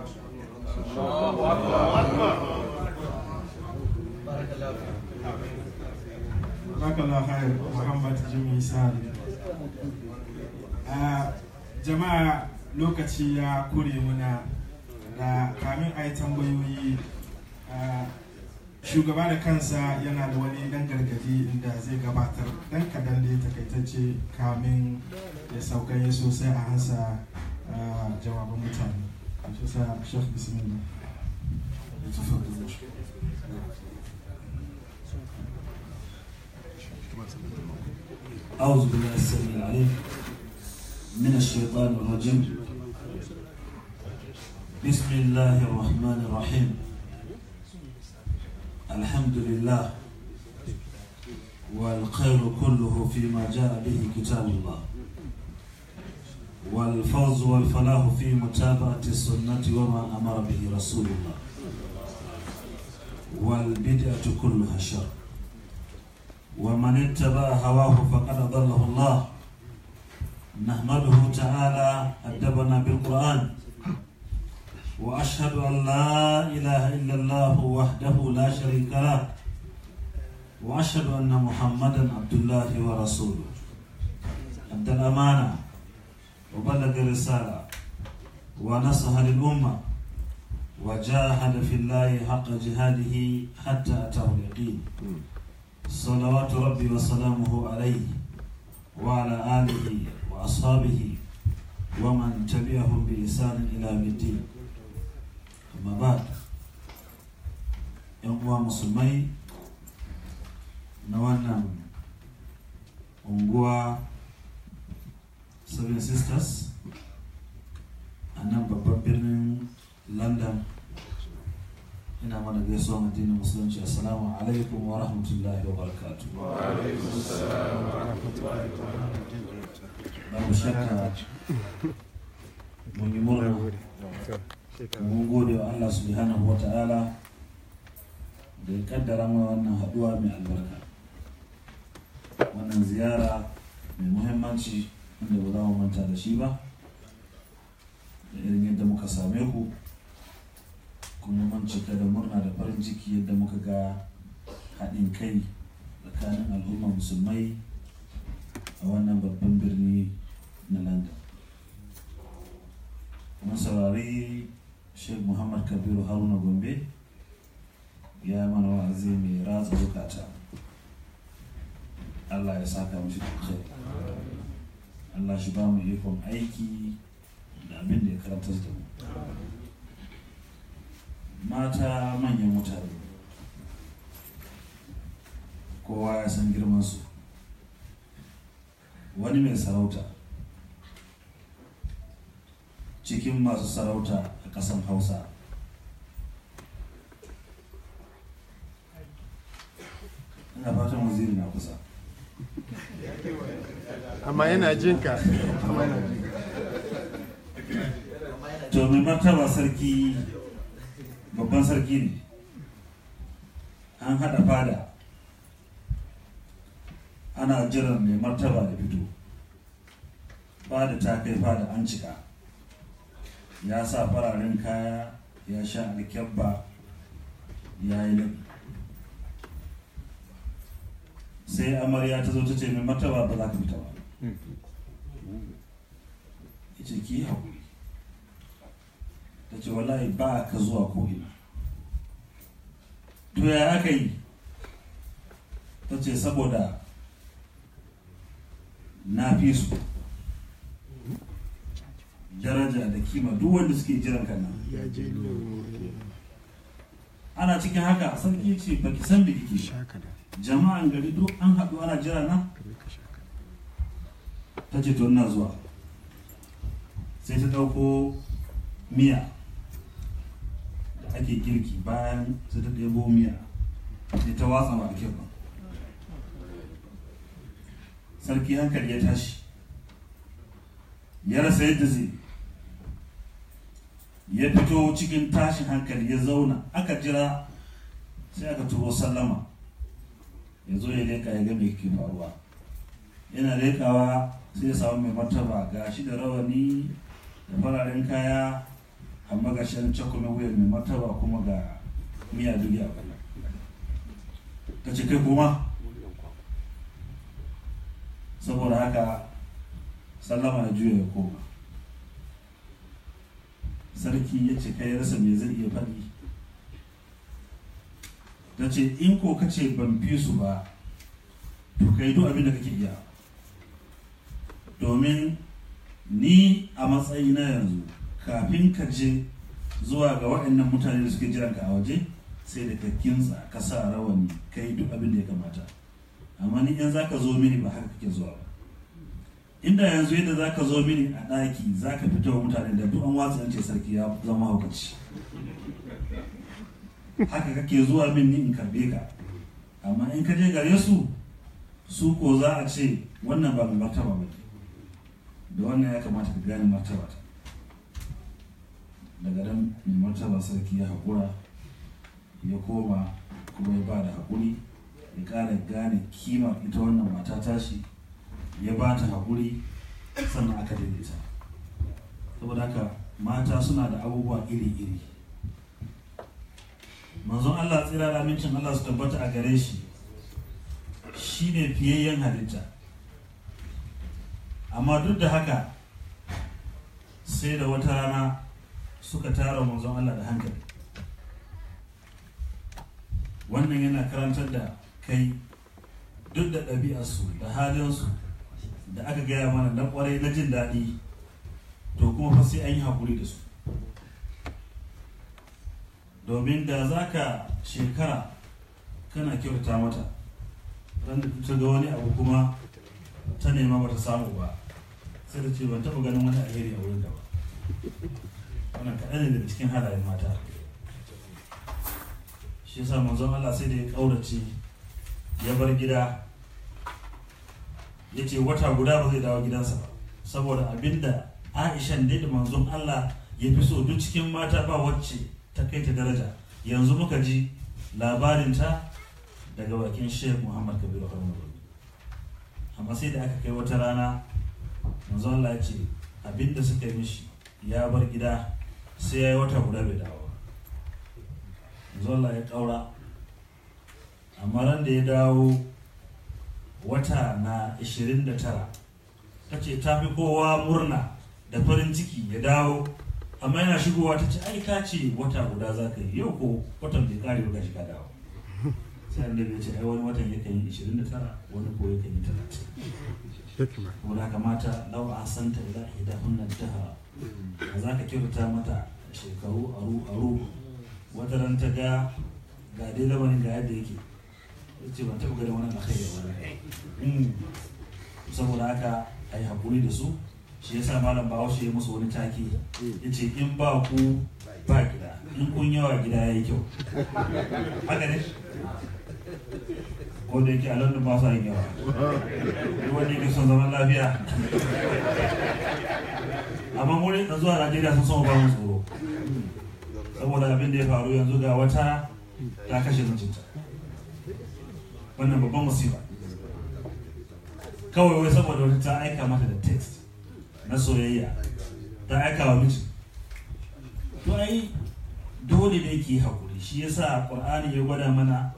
Muhammad Jimmy ah, Jama'a lokaci ya kure muna da kamin a yi tambayoyi ah, shugaba da kansa yana da wani dan gargadi da zai gabatar dan kadan da ya takaitacce kamin ya sauka ya sosai a hansa ah, jawabin mutane. بسم الله أعوذ بالله السميع العليم من الشيطان الرجيم بسم الله الرحمن الرحيم الحمد لله والخير كله فيما جاء به كتاب الله والفوز والفلاح في متابعة السنة وما أمر به رسول الله والبدعة كلها شر ومن اتبع هواه فقد أضله الله نحمده تعالى أدبنا بالقرآن وأشهد أن لا إله إلا الله وحده لا شريك له وأشهد أن محمدا عبد الله ورسوله أدى الأمانة وبلغ الرسالة ونصح للأمة وجاهد في الله حق جهاده حتى أتاه اليقين صلوات ربي وسلامه عليه وعلى آله وأصحابه ومن تبعهم بإحسان إلى يوم الدين أما بعد ‘yan uwa musulmai na wannan unguwa seven sisters a nan babban birnin london ina mana gaisuwa addinin musulunci assalamu alaikum wa rahmatullahi wa barakatu babu shakka mun yi murna mun gode wa allah subhanahu wa ta'ala da ya kaddara mana wannan haduwa mai albarka wannan ziyara mai muhimmanci Wanda ba za mu manta da shi ba da irin yadda muka same ku kuma mun cika da murna da farin ciki yadda muka ga haɗin kai tsakanin al'ummar musulmai a wannan babban birni na london mun saurari sheikh muhammad kabiru haruna gombe ya mana wa'azi mai ratsa zukata allah ya saka mashi da Allah shi ba mu ikon aiki da abin da ya karanta da mu mata manyan mutane kowa ya san girman su wani mai sarauta cikin masu sarauta a ƙasan hausa ina fatan waziri na kusa amma yana jinka to mai martaba sarki babban sarki ne an haɗa fada ana jiran mai martaba da fito ba da ta kai fada an cika ya sa fararen kaya ya sha alkyabba ya yi labi sai amarya ta zo ta ce mai martaba ba za ka fita ba hmm. ya ce ki haƙuri ta ce wallahi ba ka zuwa ko'ina to ya aka yi ta ce saboda na fi su daraja da kima duk wanda suke jiran kana ana cikin haka sarki ce baki san da kike jama'an gari duk an haɗu ana jira na ta ce na zuwa sai ta ɗauko miya da ake girki bayan sai ta ɗebo miya sai ta watsa ba kyau sarki hankali ya tashi ya rasa yadda zai ya fito cikin tashin hankali ya zauna aka jira sai aka turo sallama ya zo ya leka ya ga me ke faruwa yana lekawa sai ya samu mai martaba ga shi da rawani da fararen kaya amma ga shan wuyar mai mataba kuma ga miya dubi a kwallon ta ce kai kuma saboda haka sallama da juya ya koma sarki ya ce kai rasa me zai iya faɗi na ce in ko ka ce ban fi su ba to kai duk abin da kake iya domin ni a matsayi na yanzu kafin ka je zuwa ga waɗannan mutane da suke ka a waje sai da ka kinsa ka sa rawani kai duk abin da ya kamata amma ni in zaka zo mini ba haka kake zuwa ba inda yanzu yadda zaka zo mini a ɗaki zaka fito wa mutane da duk an watsa ce sarki ya zama hukunci haka kake zuwa min ni in karbe ka amma in ka je gare su su ko za a ce wannan ba mai martaba ba da wannan ya kamata ka gane martaba ta daga nan mai martaba sarki ya haƙura ya koma kuma ya ba da haƙuri ya ƙara gane kima ita wannan mata tashi ya ba ta haƙuri sannan aka daidaita saboda haka mata suna da abubuwa iri-iri manzon Allah tsira da amincin Allah su tabbata a gare shi shi ne fiyayyen halitta amma duk da haka sai da wata rana suka tara manzon Allah da hankali wannan yana karantar da kai duk da ɗabi'arsu da halinsu da aka gaya mana na ƙwarai na jin daɗi to kuma fa sai an yi haƙuri da su domin da za ka shekara kana kyauta mata ran da ta ga wani abu kuma ta nema ba samu ba sai da ce ban taɓa ganin wani alheri a wurin da ba wannan kaɗan ne daga cikin halayen mata shi yasa manzon Allah sai da ya ƙaurace ya bar gida ya ce wata guda ba zai dawo gidansa ba saboda abinda aishan dai da manzon Allah ya fi so duk cikin mata ba wacce ta kai ta daraja yanzu muka ji ta daga bakin sheikh muhammad kabir harmuru amma sai da aka kai wata rana manzo Allah ce abinda suka yi mishi ya bar gida sai ya yi wata guda bai dawo manzo Allah ya kaura amma ran da ya dawo wata na 29 ta ce ta fi kowa murna da farin ciki ya dawo amma yana shigowa ta ce ai ka ce wata guda za ka yi yau ko watan bai kare ba shiga ka hawa? sai an ya ce ai wani watan yakan yi 29 wani ko yakan yi 30 kuma haka mata lau a santa ila ida hunnan dahara ba za ka kirta mata shekaru aru aru wata ran ta ga ga dai lamarin ga yadda yake ya ce ban taɓa ganin wani alkhairi ba hmm. saboda haka ai haƙuri da su shi yasa malam shi ya musu wani taki. Mm. ya ce in ba ku ba gida in kun yawa gida ya yi kyau haka ne ko da yake a london ba sa yin yawa duk wani yake son zaman lafiya amma muri da zuwa najeriya sun sama ba mu tsoro saboda abin da ya faru yanzu ga wata ta kashe mijinta wannan babban musiba kawai wai saboda wata ta aika mata da text na soyayya ta aika wa miji to ai dole ne ki hakuri shi yasa qur'ani ya gwada mana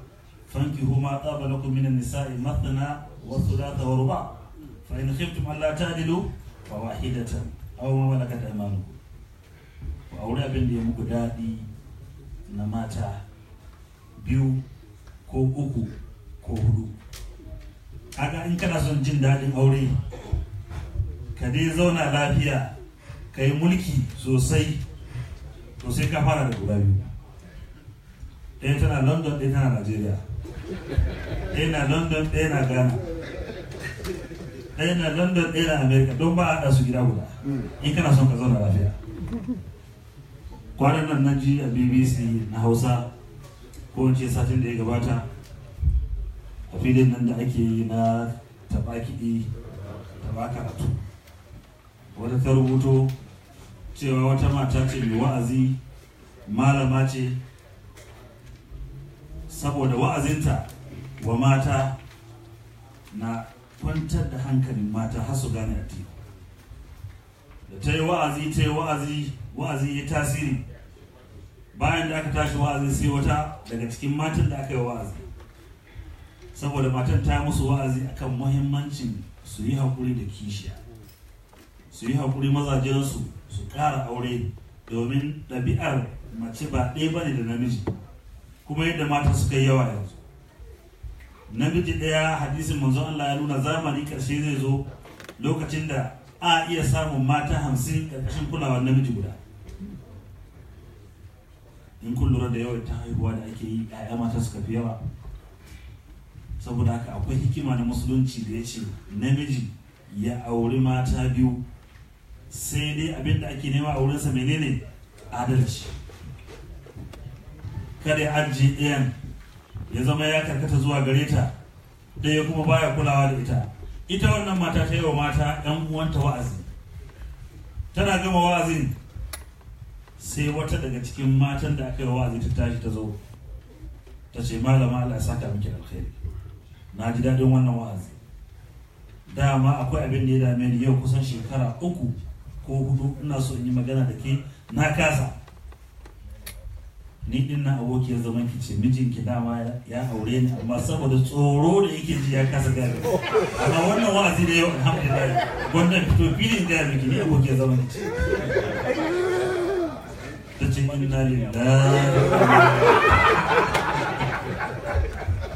fanki huma tsaba lakum minan nisa'i mathna wa thulatha wa ruba fa in khiftum alla ta'dilu fa wahidatan aw ma malakat aymanukum wa aure abin da ya muku daɗi na mata biyu ko uku ko hudu kaga in kana son jin daɗin aure ka dai zauna lafiya ka yi mulki sosai to sai ka fara da guda biyu ɗaya tana london ɗaya tana nigeria ɗaya na london ɗaya na ghana ɗaya na london ɗaya na america don ba a haɗa su gida guda in kana son ka zauna lafiya kwanan nan na ji a bbc na hausa ko ce satin da ya gabata a filin nan da ake yi na taɓa kiɗi taɓa karatu wata ta rubuto cewa wata mata ce mai wa'azi malama ce saboda wa'azinta wa mata na kwantar da hankalin mata har su gane addini da ta yi wa'azi ta yi wa'azi wa'azi ya tasiri bayan da aka tashi wa'azi sai wata daga cikin matan da aka yi wa'azi saboda matan ta musu wa'azi akan muhimmancin su yi haƙuri da kishiya su yi haƙuri mazajensu su ƙara aure domin ɗabi'ar mace ba ɗaya ba ne da namiji kuma yadda mata suka yi yawa yanzu namiji ɗaya hadisin manzon Allah ya nuna zamani ƙarshe zai zo lokacin da a iya samun mata hamsin ƙarƙashin kulawar namiji guda in kun lura da yawan ta haihuwa da ake yi ɗaya mata suka fi yawa saboda haka akwai hikima na musulunci da ya ce namiji ya auri mata biyu sai dai abin da ake nema a wurinsa menene adalci kada ya ajiye ɗayan ya zama ya karkata zuwa gare ta ɗaya kuma baya kulawa da ita ita wannan mata ta yi wa mata yan uwanta wa'azi tana gama wa'azi. sai wata daga cikin matan da aka yi wa'azi ta tashi ta zo ta ce malama Allah ya saka miki alkhairi na ji daɗin wannan wa'azi dama akwai abin da ya dame ni yau kusan shekara uku ko hudu ina so in yi magana da ke na kasa ni din na abokiyar zaman ki ce mijinki dama ya aure ni amma saboda tsoro da yake ji ya kasa gari amma wannan wa'azi da yau alhamdulillah wannan fito filin gaya miki ni abokiyar zaman ki ce ta ce na lillahi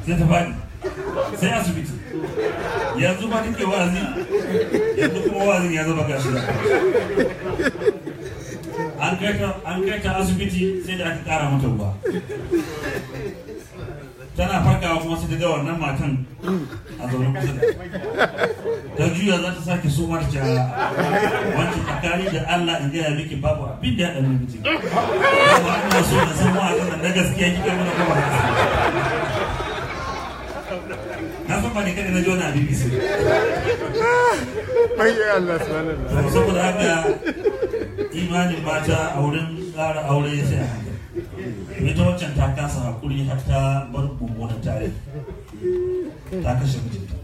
sai ta faɗi sai asibiti yanzu ba kike wazi yanzu kuma wa'azin ya zama gashi an kai ta an kai ta asibiti sai da aka kara mata ruwa tana farkawa kuma sai ta ga wannan matan a zaune kusa da ta juya za ta sake so mata ta wancan tsakani da Allah in gaya miki babu abin da ya ɗan miki ba ina so na san wa'azin na gaskiya kika mana kuma na san ba kada na ji wani abin bisi bayyai Allah Da saboda haka imanin mata a wurin tsara aure sai a hankali ita waccan ta kasa hakuri har ta bar mummunan tare ta kashe mijinta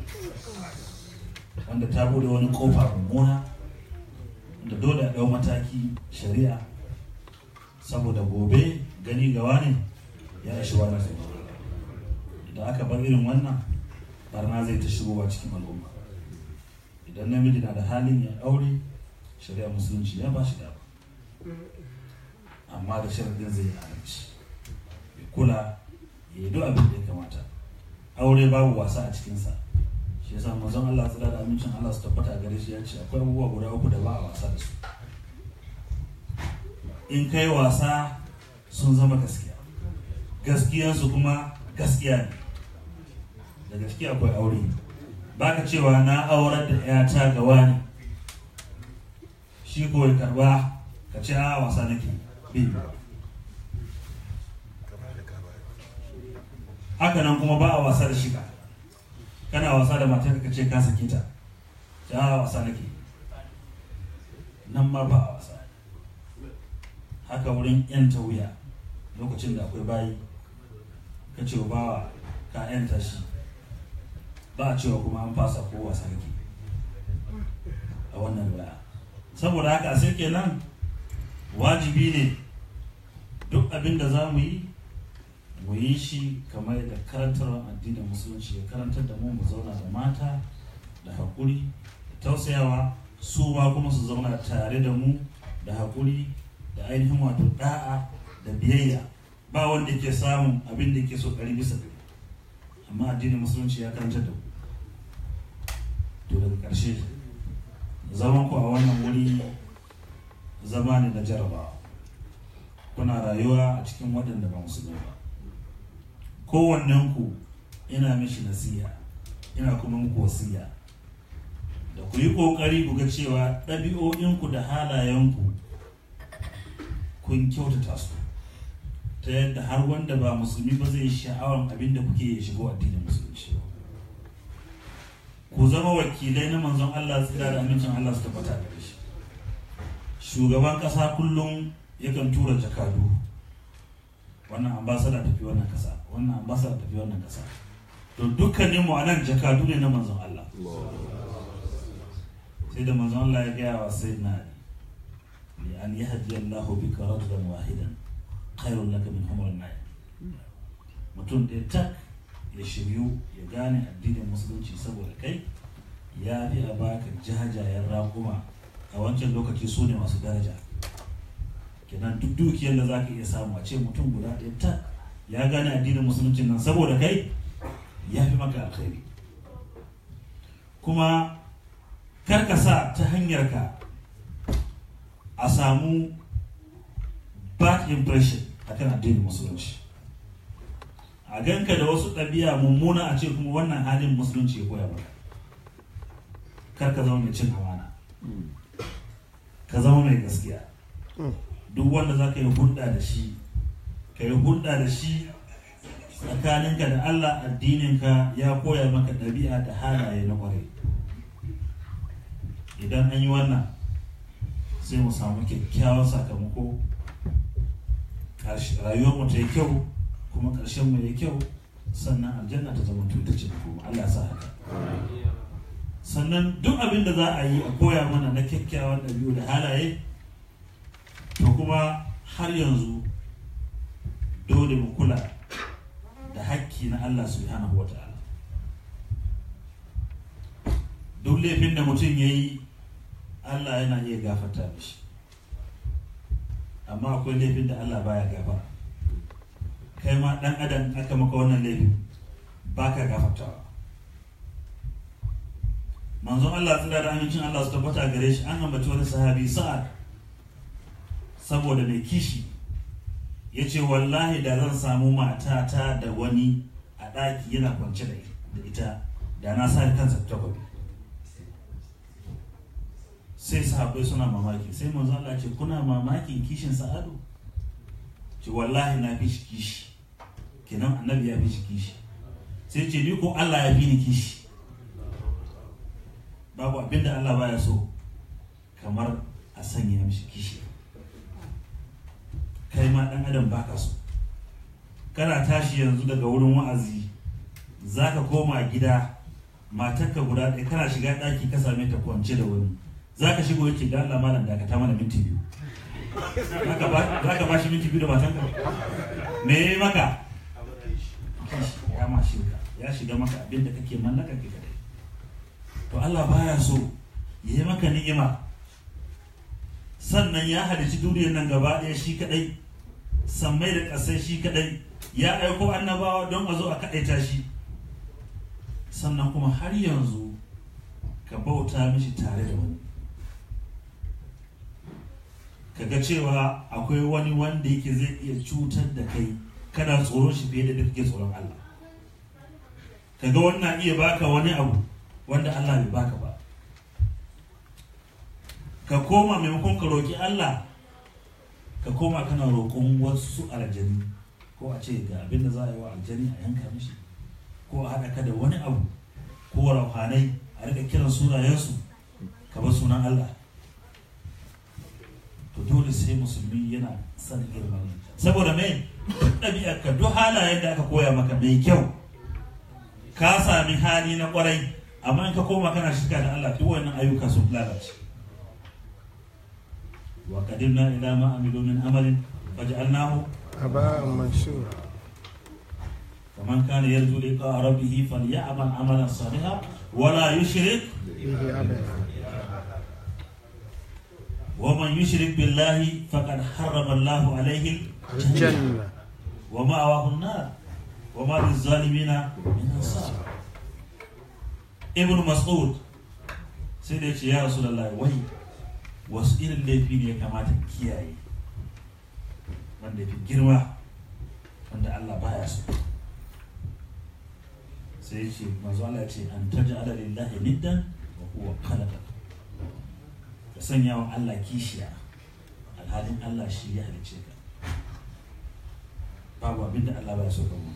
wanda ta bude wani kofa mummuna da dole a ɗau mataki shari'a saboda gobe gani gawa ne ya ishi wani da aka bar irin wannan barna zai ta shigowa cikin al'umma idan namiji na da halin ya aure shari'a musulunci ya ba shi dama amma da sharadin zai halarci ya kula ya yi abin da ya kamata aure babu wasa a cikinsa shi yasa mazan Allah tsira da amincin Allah su tabbata gare shi ya ce akwai abubuwa guda uku da ba a wasa da su in kai wasa sun zama gaskiya gaskiyansu kuma gaskiya ne da gaske akwai aure baka cewa na aurar da yata ga wani shi ko karba ka ce a wasa nake bi haka nan kuma ba a wasa da shiga kana wasa da matar ka ce ka sake ta a wasa nake nan ma ba a wasa haka wurin yan wuya lokacin da akwai bayi ka ce bawa ka yanta shi ba a cewa kuma an fasa ko wasa a wannan baya saboda haka sai kenan wajibi ne duk abin da za mu yi mu yi shi kamar yadda karantar addinin musulunci ya karantar da mu mu zauna da mata da haƙuri da tausayawa su ma kuma su zauna tare da mu da haƙuri da ainihin wato da'a da biyayya ba wanda ke samun abin da ke so ɗari bisa amma addinin musulunci ya karantar da mu to daga ƙarshe zaman ku a wannan wuri zama ne na jarabawa kuna rayuwa a cikin waɗanda ba musu ba kowannenku ina mishi nasiya ina kuma muku wasiya da ku yi ƙoƙari ku ga cewa ɗabi'o'inku da halayenku kun kyautata su ta yadda har wanda ba musulmi ba zai sha'awar abin da kuke shigo addinin musulmi ku zama wakilai na manzon Allah tsira da amincin Allah su tabbata da shi shugaban kasa kullum yakan tura jakadu wannan ambasada tafi wannan kasa wannan ambasada tafi wannan kasa to dukkanin mu anan jakadu ne na manzon Allah sai da manzon Allah ya gaya wa sayyidina Ali an yahdi Allah bika rajulan wahidan khairun laka min humrin nay mutum da tak ya shiryu ya gane addinin musulunci saboda kai ya fi a baka jajayen rakuma a wancan lokaci su ne masu daraja kenan duk dukiyar da zaka iya samu a ce mutum guda ɗaya ta ya gane addinin musulunci nan saboda kai ya fi maka alkhairi kuma karka sa ta hanyar ka a samu bad impression akan addinin musulunci a ganka da wasu ɗabi'a mummuna a ce kuma wannan halin musulunci ya koya maka kar ka zama mai cin amana ka zama mai gaskiya duk wanda za ka yi hulɗa da shi ka yi hulɗa da shi tsakaninka da Allah addininka ya koya maka ɗabi'a da halaye na ƙwarai idan an yi wannan sai mu samu kyakkyawan sakamako mu ta yi kyau kuma ƙarshen mu ya kyau sannan aljanna ta zama ita ce kuma Allah ya sa haka sannan duk abin da za a yi a koya mana na kyakkyawan ɗabi'u da halaye to kuma har yanzu dole mu kula da hakki na Allah subhanahu wa ta'ala duk laifin da mutum ya yi Allah yana iya gafarta shi. amma akwai laifin da Allah baya gafara kai ma dan adam aka maka wannan laifi ba ka gafartawa manzon Allah tsira da amincin Allah su tabbata gare shi an ambaci wani sahabi sa'ad saboda mai kishi ya ce wallahi da zan samu matata da wani a ɗaki yana kwance da ita da na sa kansa ta kwabi sai sahabbai suna mamaki sai manzon Allah ce kuna mamakin kishin sa'adu ce wallahi na fi kishi kenan annabi ya fi shi kishi sai ce ni ko Allah ya fi ni kishi babu abin da Allah baya so kamar a sanya mishi kishi kai ma dan adam baka so kana tashi yanzu daga wurin wa'azi Za ka koma gida matarka guda ɗaya kana shiga ɗaki ka same ta kwance da wani ka shigo yake ga Allah malam dakata mana minti biyu ka ba shi minti biyu da matanka me maka kanshi ya ya shiga maka abin da kake mallaka ka kadai to Allah baya so ya yi maka ni'ima sannan ya halici duniyar nan gaba ɗaya shi kadai sammai da ƙasai shi kadai ya aiko annabawa don a zo a kaɗaita shi sannan kuma har yanzu ka bauta mishi tare da wani ka ga cewa akwai wani wanda yake zai iya cutar da kai kana tsoron shi fiye da ke tsoron Allah kaga wannan iya baka wani abu wanda Allah bai baka ba ka koma maimakon ka roki Allah ka koma kana roƙon wasu aljani ko a ce ga abin da za a yi wa aljani a yanka mishi ko a haɗa ka da wani abu ko rauhanai a rika kiran sunayensu ka bar sunan Allah to dole sai musulmi yana son girman saboda mai ɗabi'arka duk halayen da aka koya maka mai kyau ka sami hali na kwarai amma in ka koma kana shirka da Allah fi wannan ayyuka sun lalace wa qadimna ila ma amilu min amalin faj'alnahu aba'an mansura فمن كان يرجو لقاء ربه فليعمل عملا صالحا ولا يشرك ومن يشرك بالله فقد حرم الله عليه الجنه wa ma'awahun nar wa ma bi zalimina min ansar ibn mas'ud sai da ya ce ya rasulullahi wai wasu irin laifi ne ya kamata kiyaye wanda fi girma wanda Allah baya so sai ce manzo Allah ce an taj'ala lillahi niddan wa huwa khalaqa ka sanya wa Allah kishiya alhalin Allah shi ya halicce ka babu abin da Allah ba so ga mu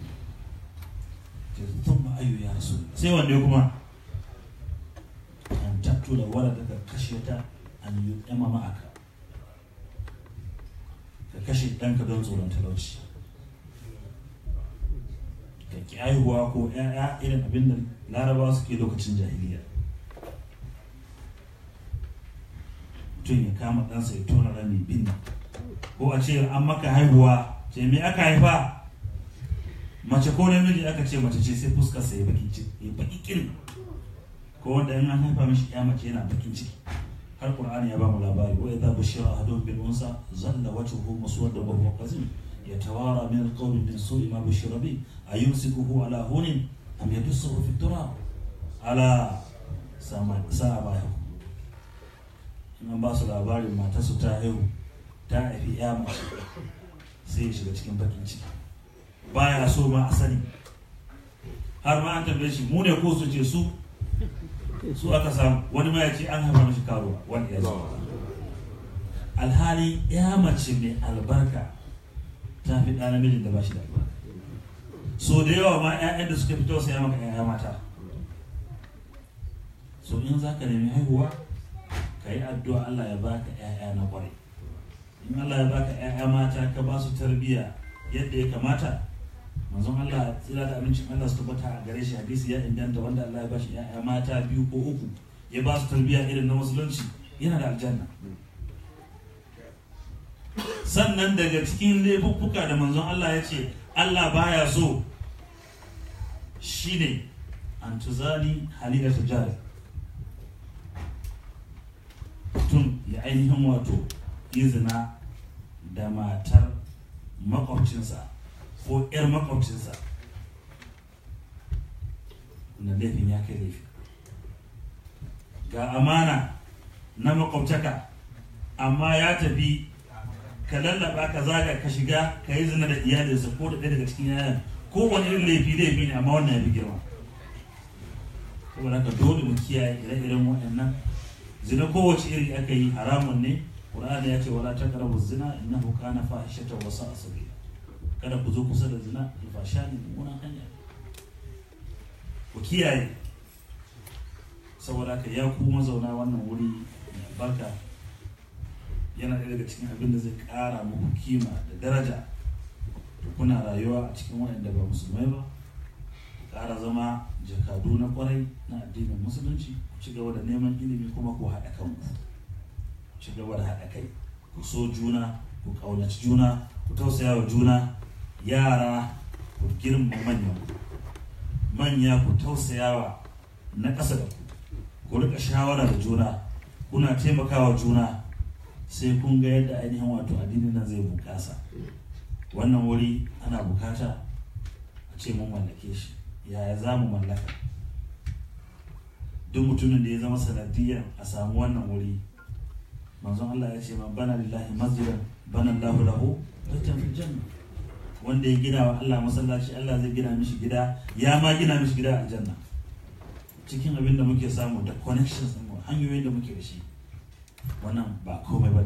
ce zan ma ayu ya rasu sai wanne kuma an tattu da wala daga kashe ta an yi ma aka ka kashe ɗanka don tsoron talauci ka ki haihuwa ko ‘ya'ya irin abin da larabawa suke lokacin jahiliya mutum ya kama ɗansa ya tona rami bin ko a ce an maka haihuwa ce me aka haifa mace ko namiji aka ce mace ce sai fuskar sa ya baki ciki ya baki kin ko wanda an haifa mishi ya mace yana bakin ciki har qur'ani ya ba mu labari wa idza bushira ahadun bil unsa zalla wajhuhu muswadda wa huwa kazim yatawara min al-qawmi min su'i ma bushira bi ayumsikuhu ala hunin am yadussuhu fi turab ala sama sa'a ba in an ba su labarin matarsu ta haihu ta haifi ya mace sai ya shiga cikin bakin ciki baya so ma a sani har ma an tambaye shi mu ne ko su ce su su aka samu wani ma ya ce an haifa mashi karuwa wani ya alhali ya mace mai albarka ta fi ɗana mijin da ba shi da albarka so da yawa ma 'ya'yan da suka fito sai ya maka 'ya'ya mata so in za ka nemi haihuwa ka yi addu'a Allah ya baka 'ya'ya na ƙwarai in Allah ya baka ƴaƴa mata ka ba su tarbiyya yadda ya kamata manzon Allah tsira da abincin Allah su tabbata a gare shi hadisi ya inganta wanda Allah ya ba ƴaƴa mata biyu ko uku ya ba su tarbiyya irin na musulunci yana da aljanna sannan daga cikin laifuffuka da manzon Allah ya ce Allah baya so shine an tuzali halila tujari tun ya ainihin wato izina da matar makwabcinsa ko 'yar makwabcinsa na laifin ya kai laifi ga amana na makwabtaka amma ya tafi ka lallaba ka zaga ka shiga ka yi zina da iyalinsa ko da ɗaya daga cikin yayan Ko wani irin laifi laifi ne amma wannan ya fi girma saboda haka dole mu kiyaye ire-iren waɗannan zina kowace iri aka yi haramun ne Qur'ani ya ce wala taqrabu zina innahu kana fahishatan wa sa'a sabila kada ku zo kusa da zina alfasha ne mummunan hanya ku kiyaye saboda ka ya ku mazauna wannan wuri mai albarka yana ɗaya daga cikin abin da zai ƙara muku kima da daraja kuna rayuwa a cikin waɗanda ba musulmai ba ku ƙara zama jakadu na kwarai na addinin musulunci ku ci gaba da neman ilimi kuma ku haɗa kanku ci da haɗa kai ku so juna ku ƙaunaci juna ku tausaya wa juna yara ku girma manya manya ku tausaya na ƙasa da ku ku rika shawara da juna kuna taimakawa juna sai kun ga yadda ainihin wato addini nan zai bunƙasa wannan wuri ana bukata a ce mun mallake shi yaya za mu mallaka duk mutumin da ya zama sanadiyar a samu wannan wuri manzon Allah ya ce ma bana lillahi masjidan bana Allahu lahu baitan fil janna wanda ya gina wa Allah masallaci Allah zai gina mishi gida ya ma gina mishi gida a janna cikin abin da muke samu da connections din hanyoyin da muke da shi wannan ba komai ba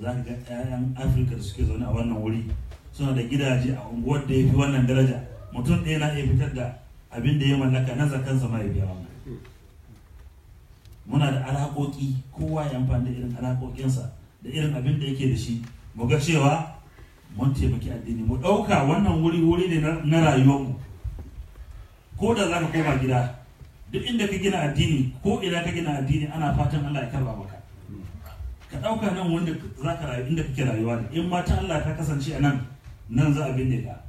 za ka ga 'ya'yan afirka da suke zaune a wannan wuri suna da gidaje a unguwar da ya fi wannan daraja mutum ɗaya na iya fitar da abin da ya mallaka na zakansa ma ya biya muna da alaƙoƙi kowa ya amfani da irin alaƙoƙinsa da irin abin da yake da shi mu ga cewa mun taimaki addini mu ɗauka wannan wuri wuri ne na rayuwarmu ko da za ka koma gida duk inda ka gina addini ko ina ka gina addini ana fatan Allah ya karba maka ka ɗauka nan wanda za ka rayu inda kake rayuwa ne in ma ta Allah ta kasance a nan nan za a binne ka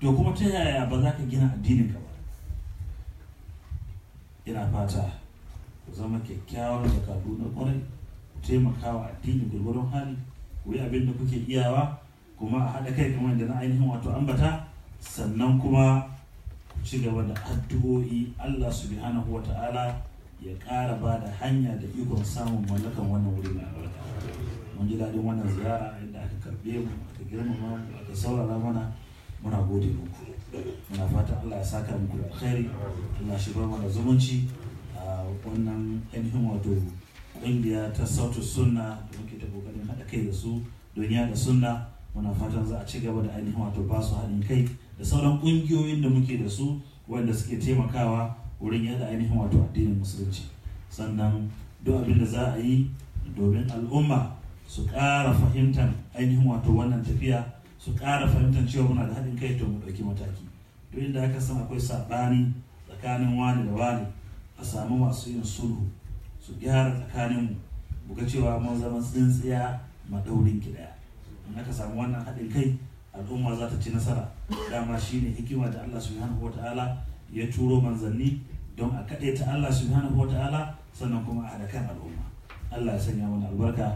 to kuma ta yaya ba za ka gina addinin ka ba ina fata ku zama kyakkyawar zakatu na kwarai ku taimaka wa addini gwargwaron hali ku yi abin da kuke iyawa kuma a haɗa kai kamar da na ainihin wato ambata sannan kuma ku ci gaba da addu'o'i Allah subhanahu wa ta'ala ya ƙara ba da hanya da ikon samun mallakan wannan wuri mai albarka mun ji daɗin wannan ziyara inda aka karɓe mu aka girmama mu aka saurara mana muna gode muku muna fata Allah ya saka muku alkhairi Allah shi bar mana zumunci wannan ainihin wato kungiya ta sautu sunna da muke ta kokarin haɗa kai da su don yada sunna muna fatan za a ci gaba da ainihin wato ba su haɗin kai da sauran ƙungiyoyin da muke da su wanda suke taimakawa wurin yada ainihin wato addinin musulunci sannan duk abin da za a yi domin al'umma su ƙara fahimtar ainihin wato wannan tafiya su ƙara fahimtar cewa muna da haɗin kai to mu ɗauki mataki duk inda aka san akwai saɓani tsakanin wani da wani a samu masu yin sulhu su gyara tsakaninmu buga cewa mun zama tsintsiya maɗaurin kiɗaya in aka samu wannan haɗin kai al'umma za ta ci nasara dama shine hikima da Allah subhanahu wa ta'ala ya turo manzanni don a kaɗe ta Allah subhanahu wa ta'ala sannan kuma a haɗa kan al'umma Allah ya sanya wani albarka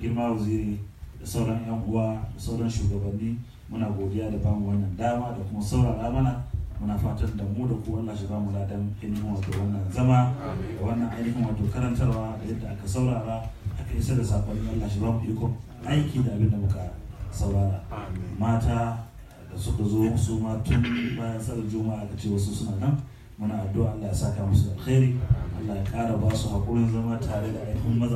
girma waziri da sauran 'yan uwa da sauran shugabanni muna godiya da bamu wannan dama da kuma saurara mana muna fatan da mu da ku Allah shi mu ladan ainihin wato wannan zama da wannan ainihin wato karantarwa da yadda aka saurara aka isa da sakonni Allah shi mu iko aiki da abin da muka saurara mata da suka zo su ma tun bayan sallar juma'a aka ce wasu suna nan muna addu'a Allah ya saka musu alkhairi Allah ya kara ba su hakurin zama tare da ainihin maza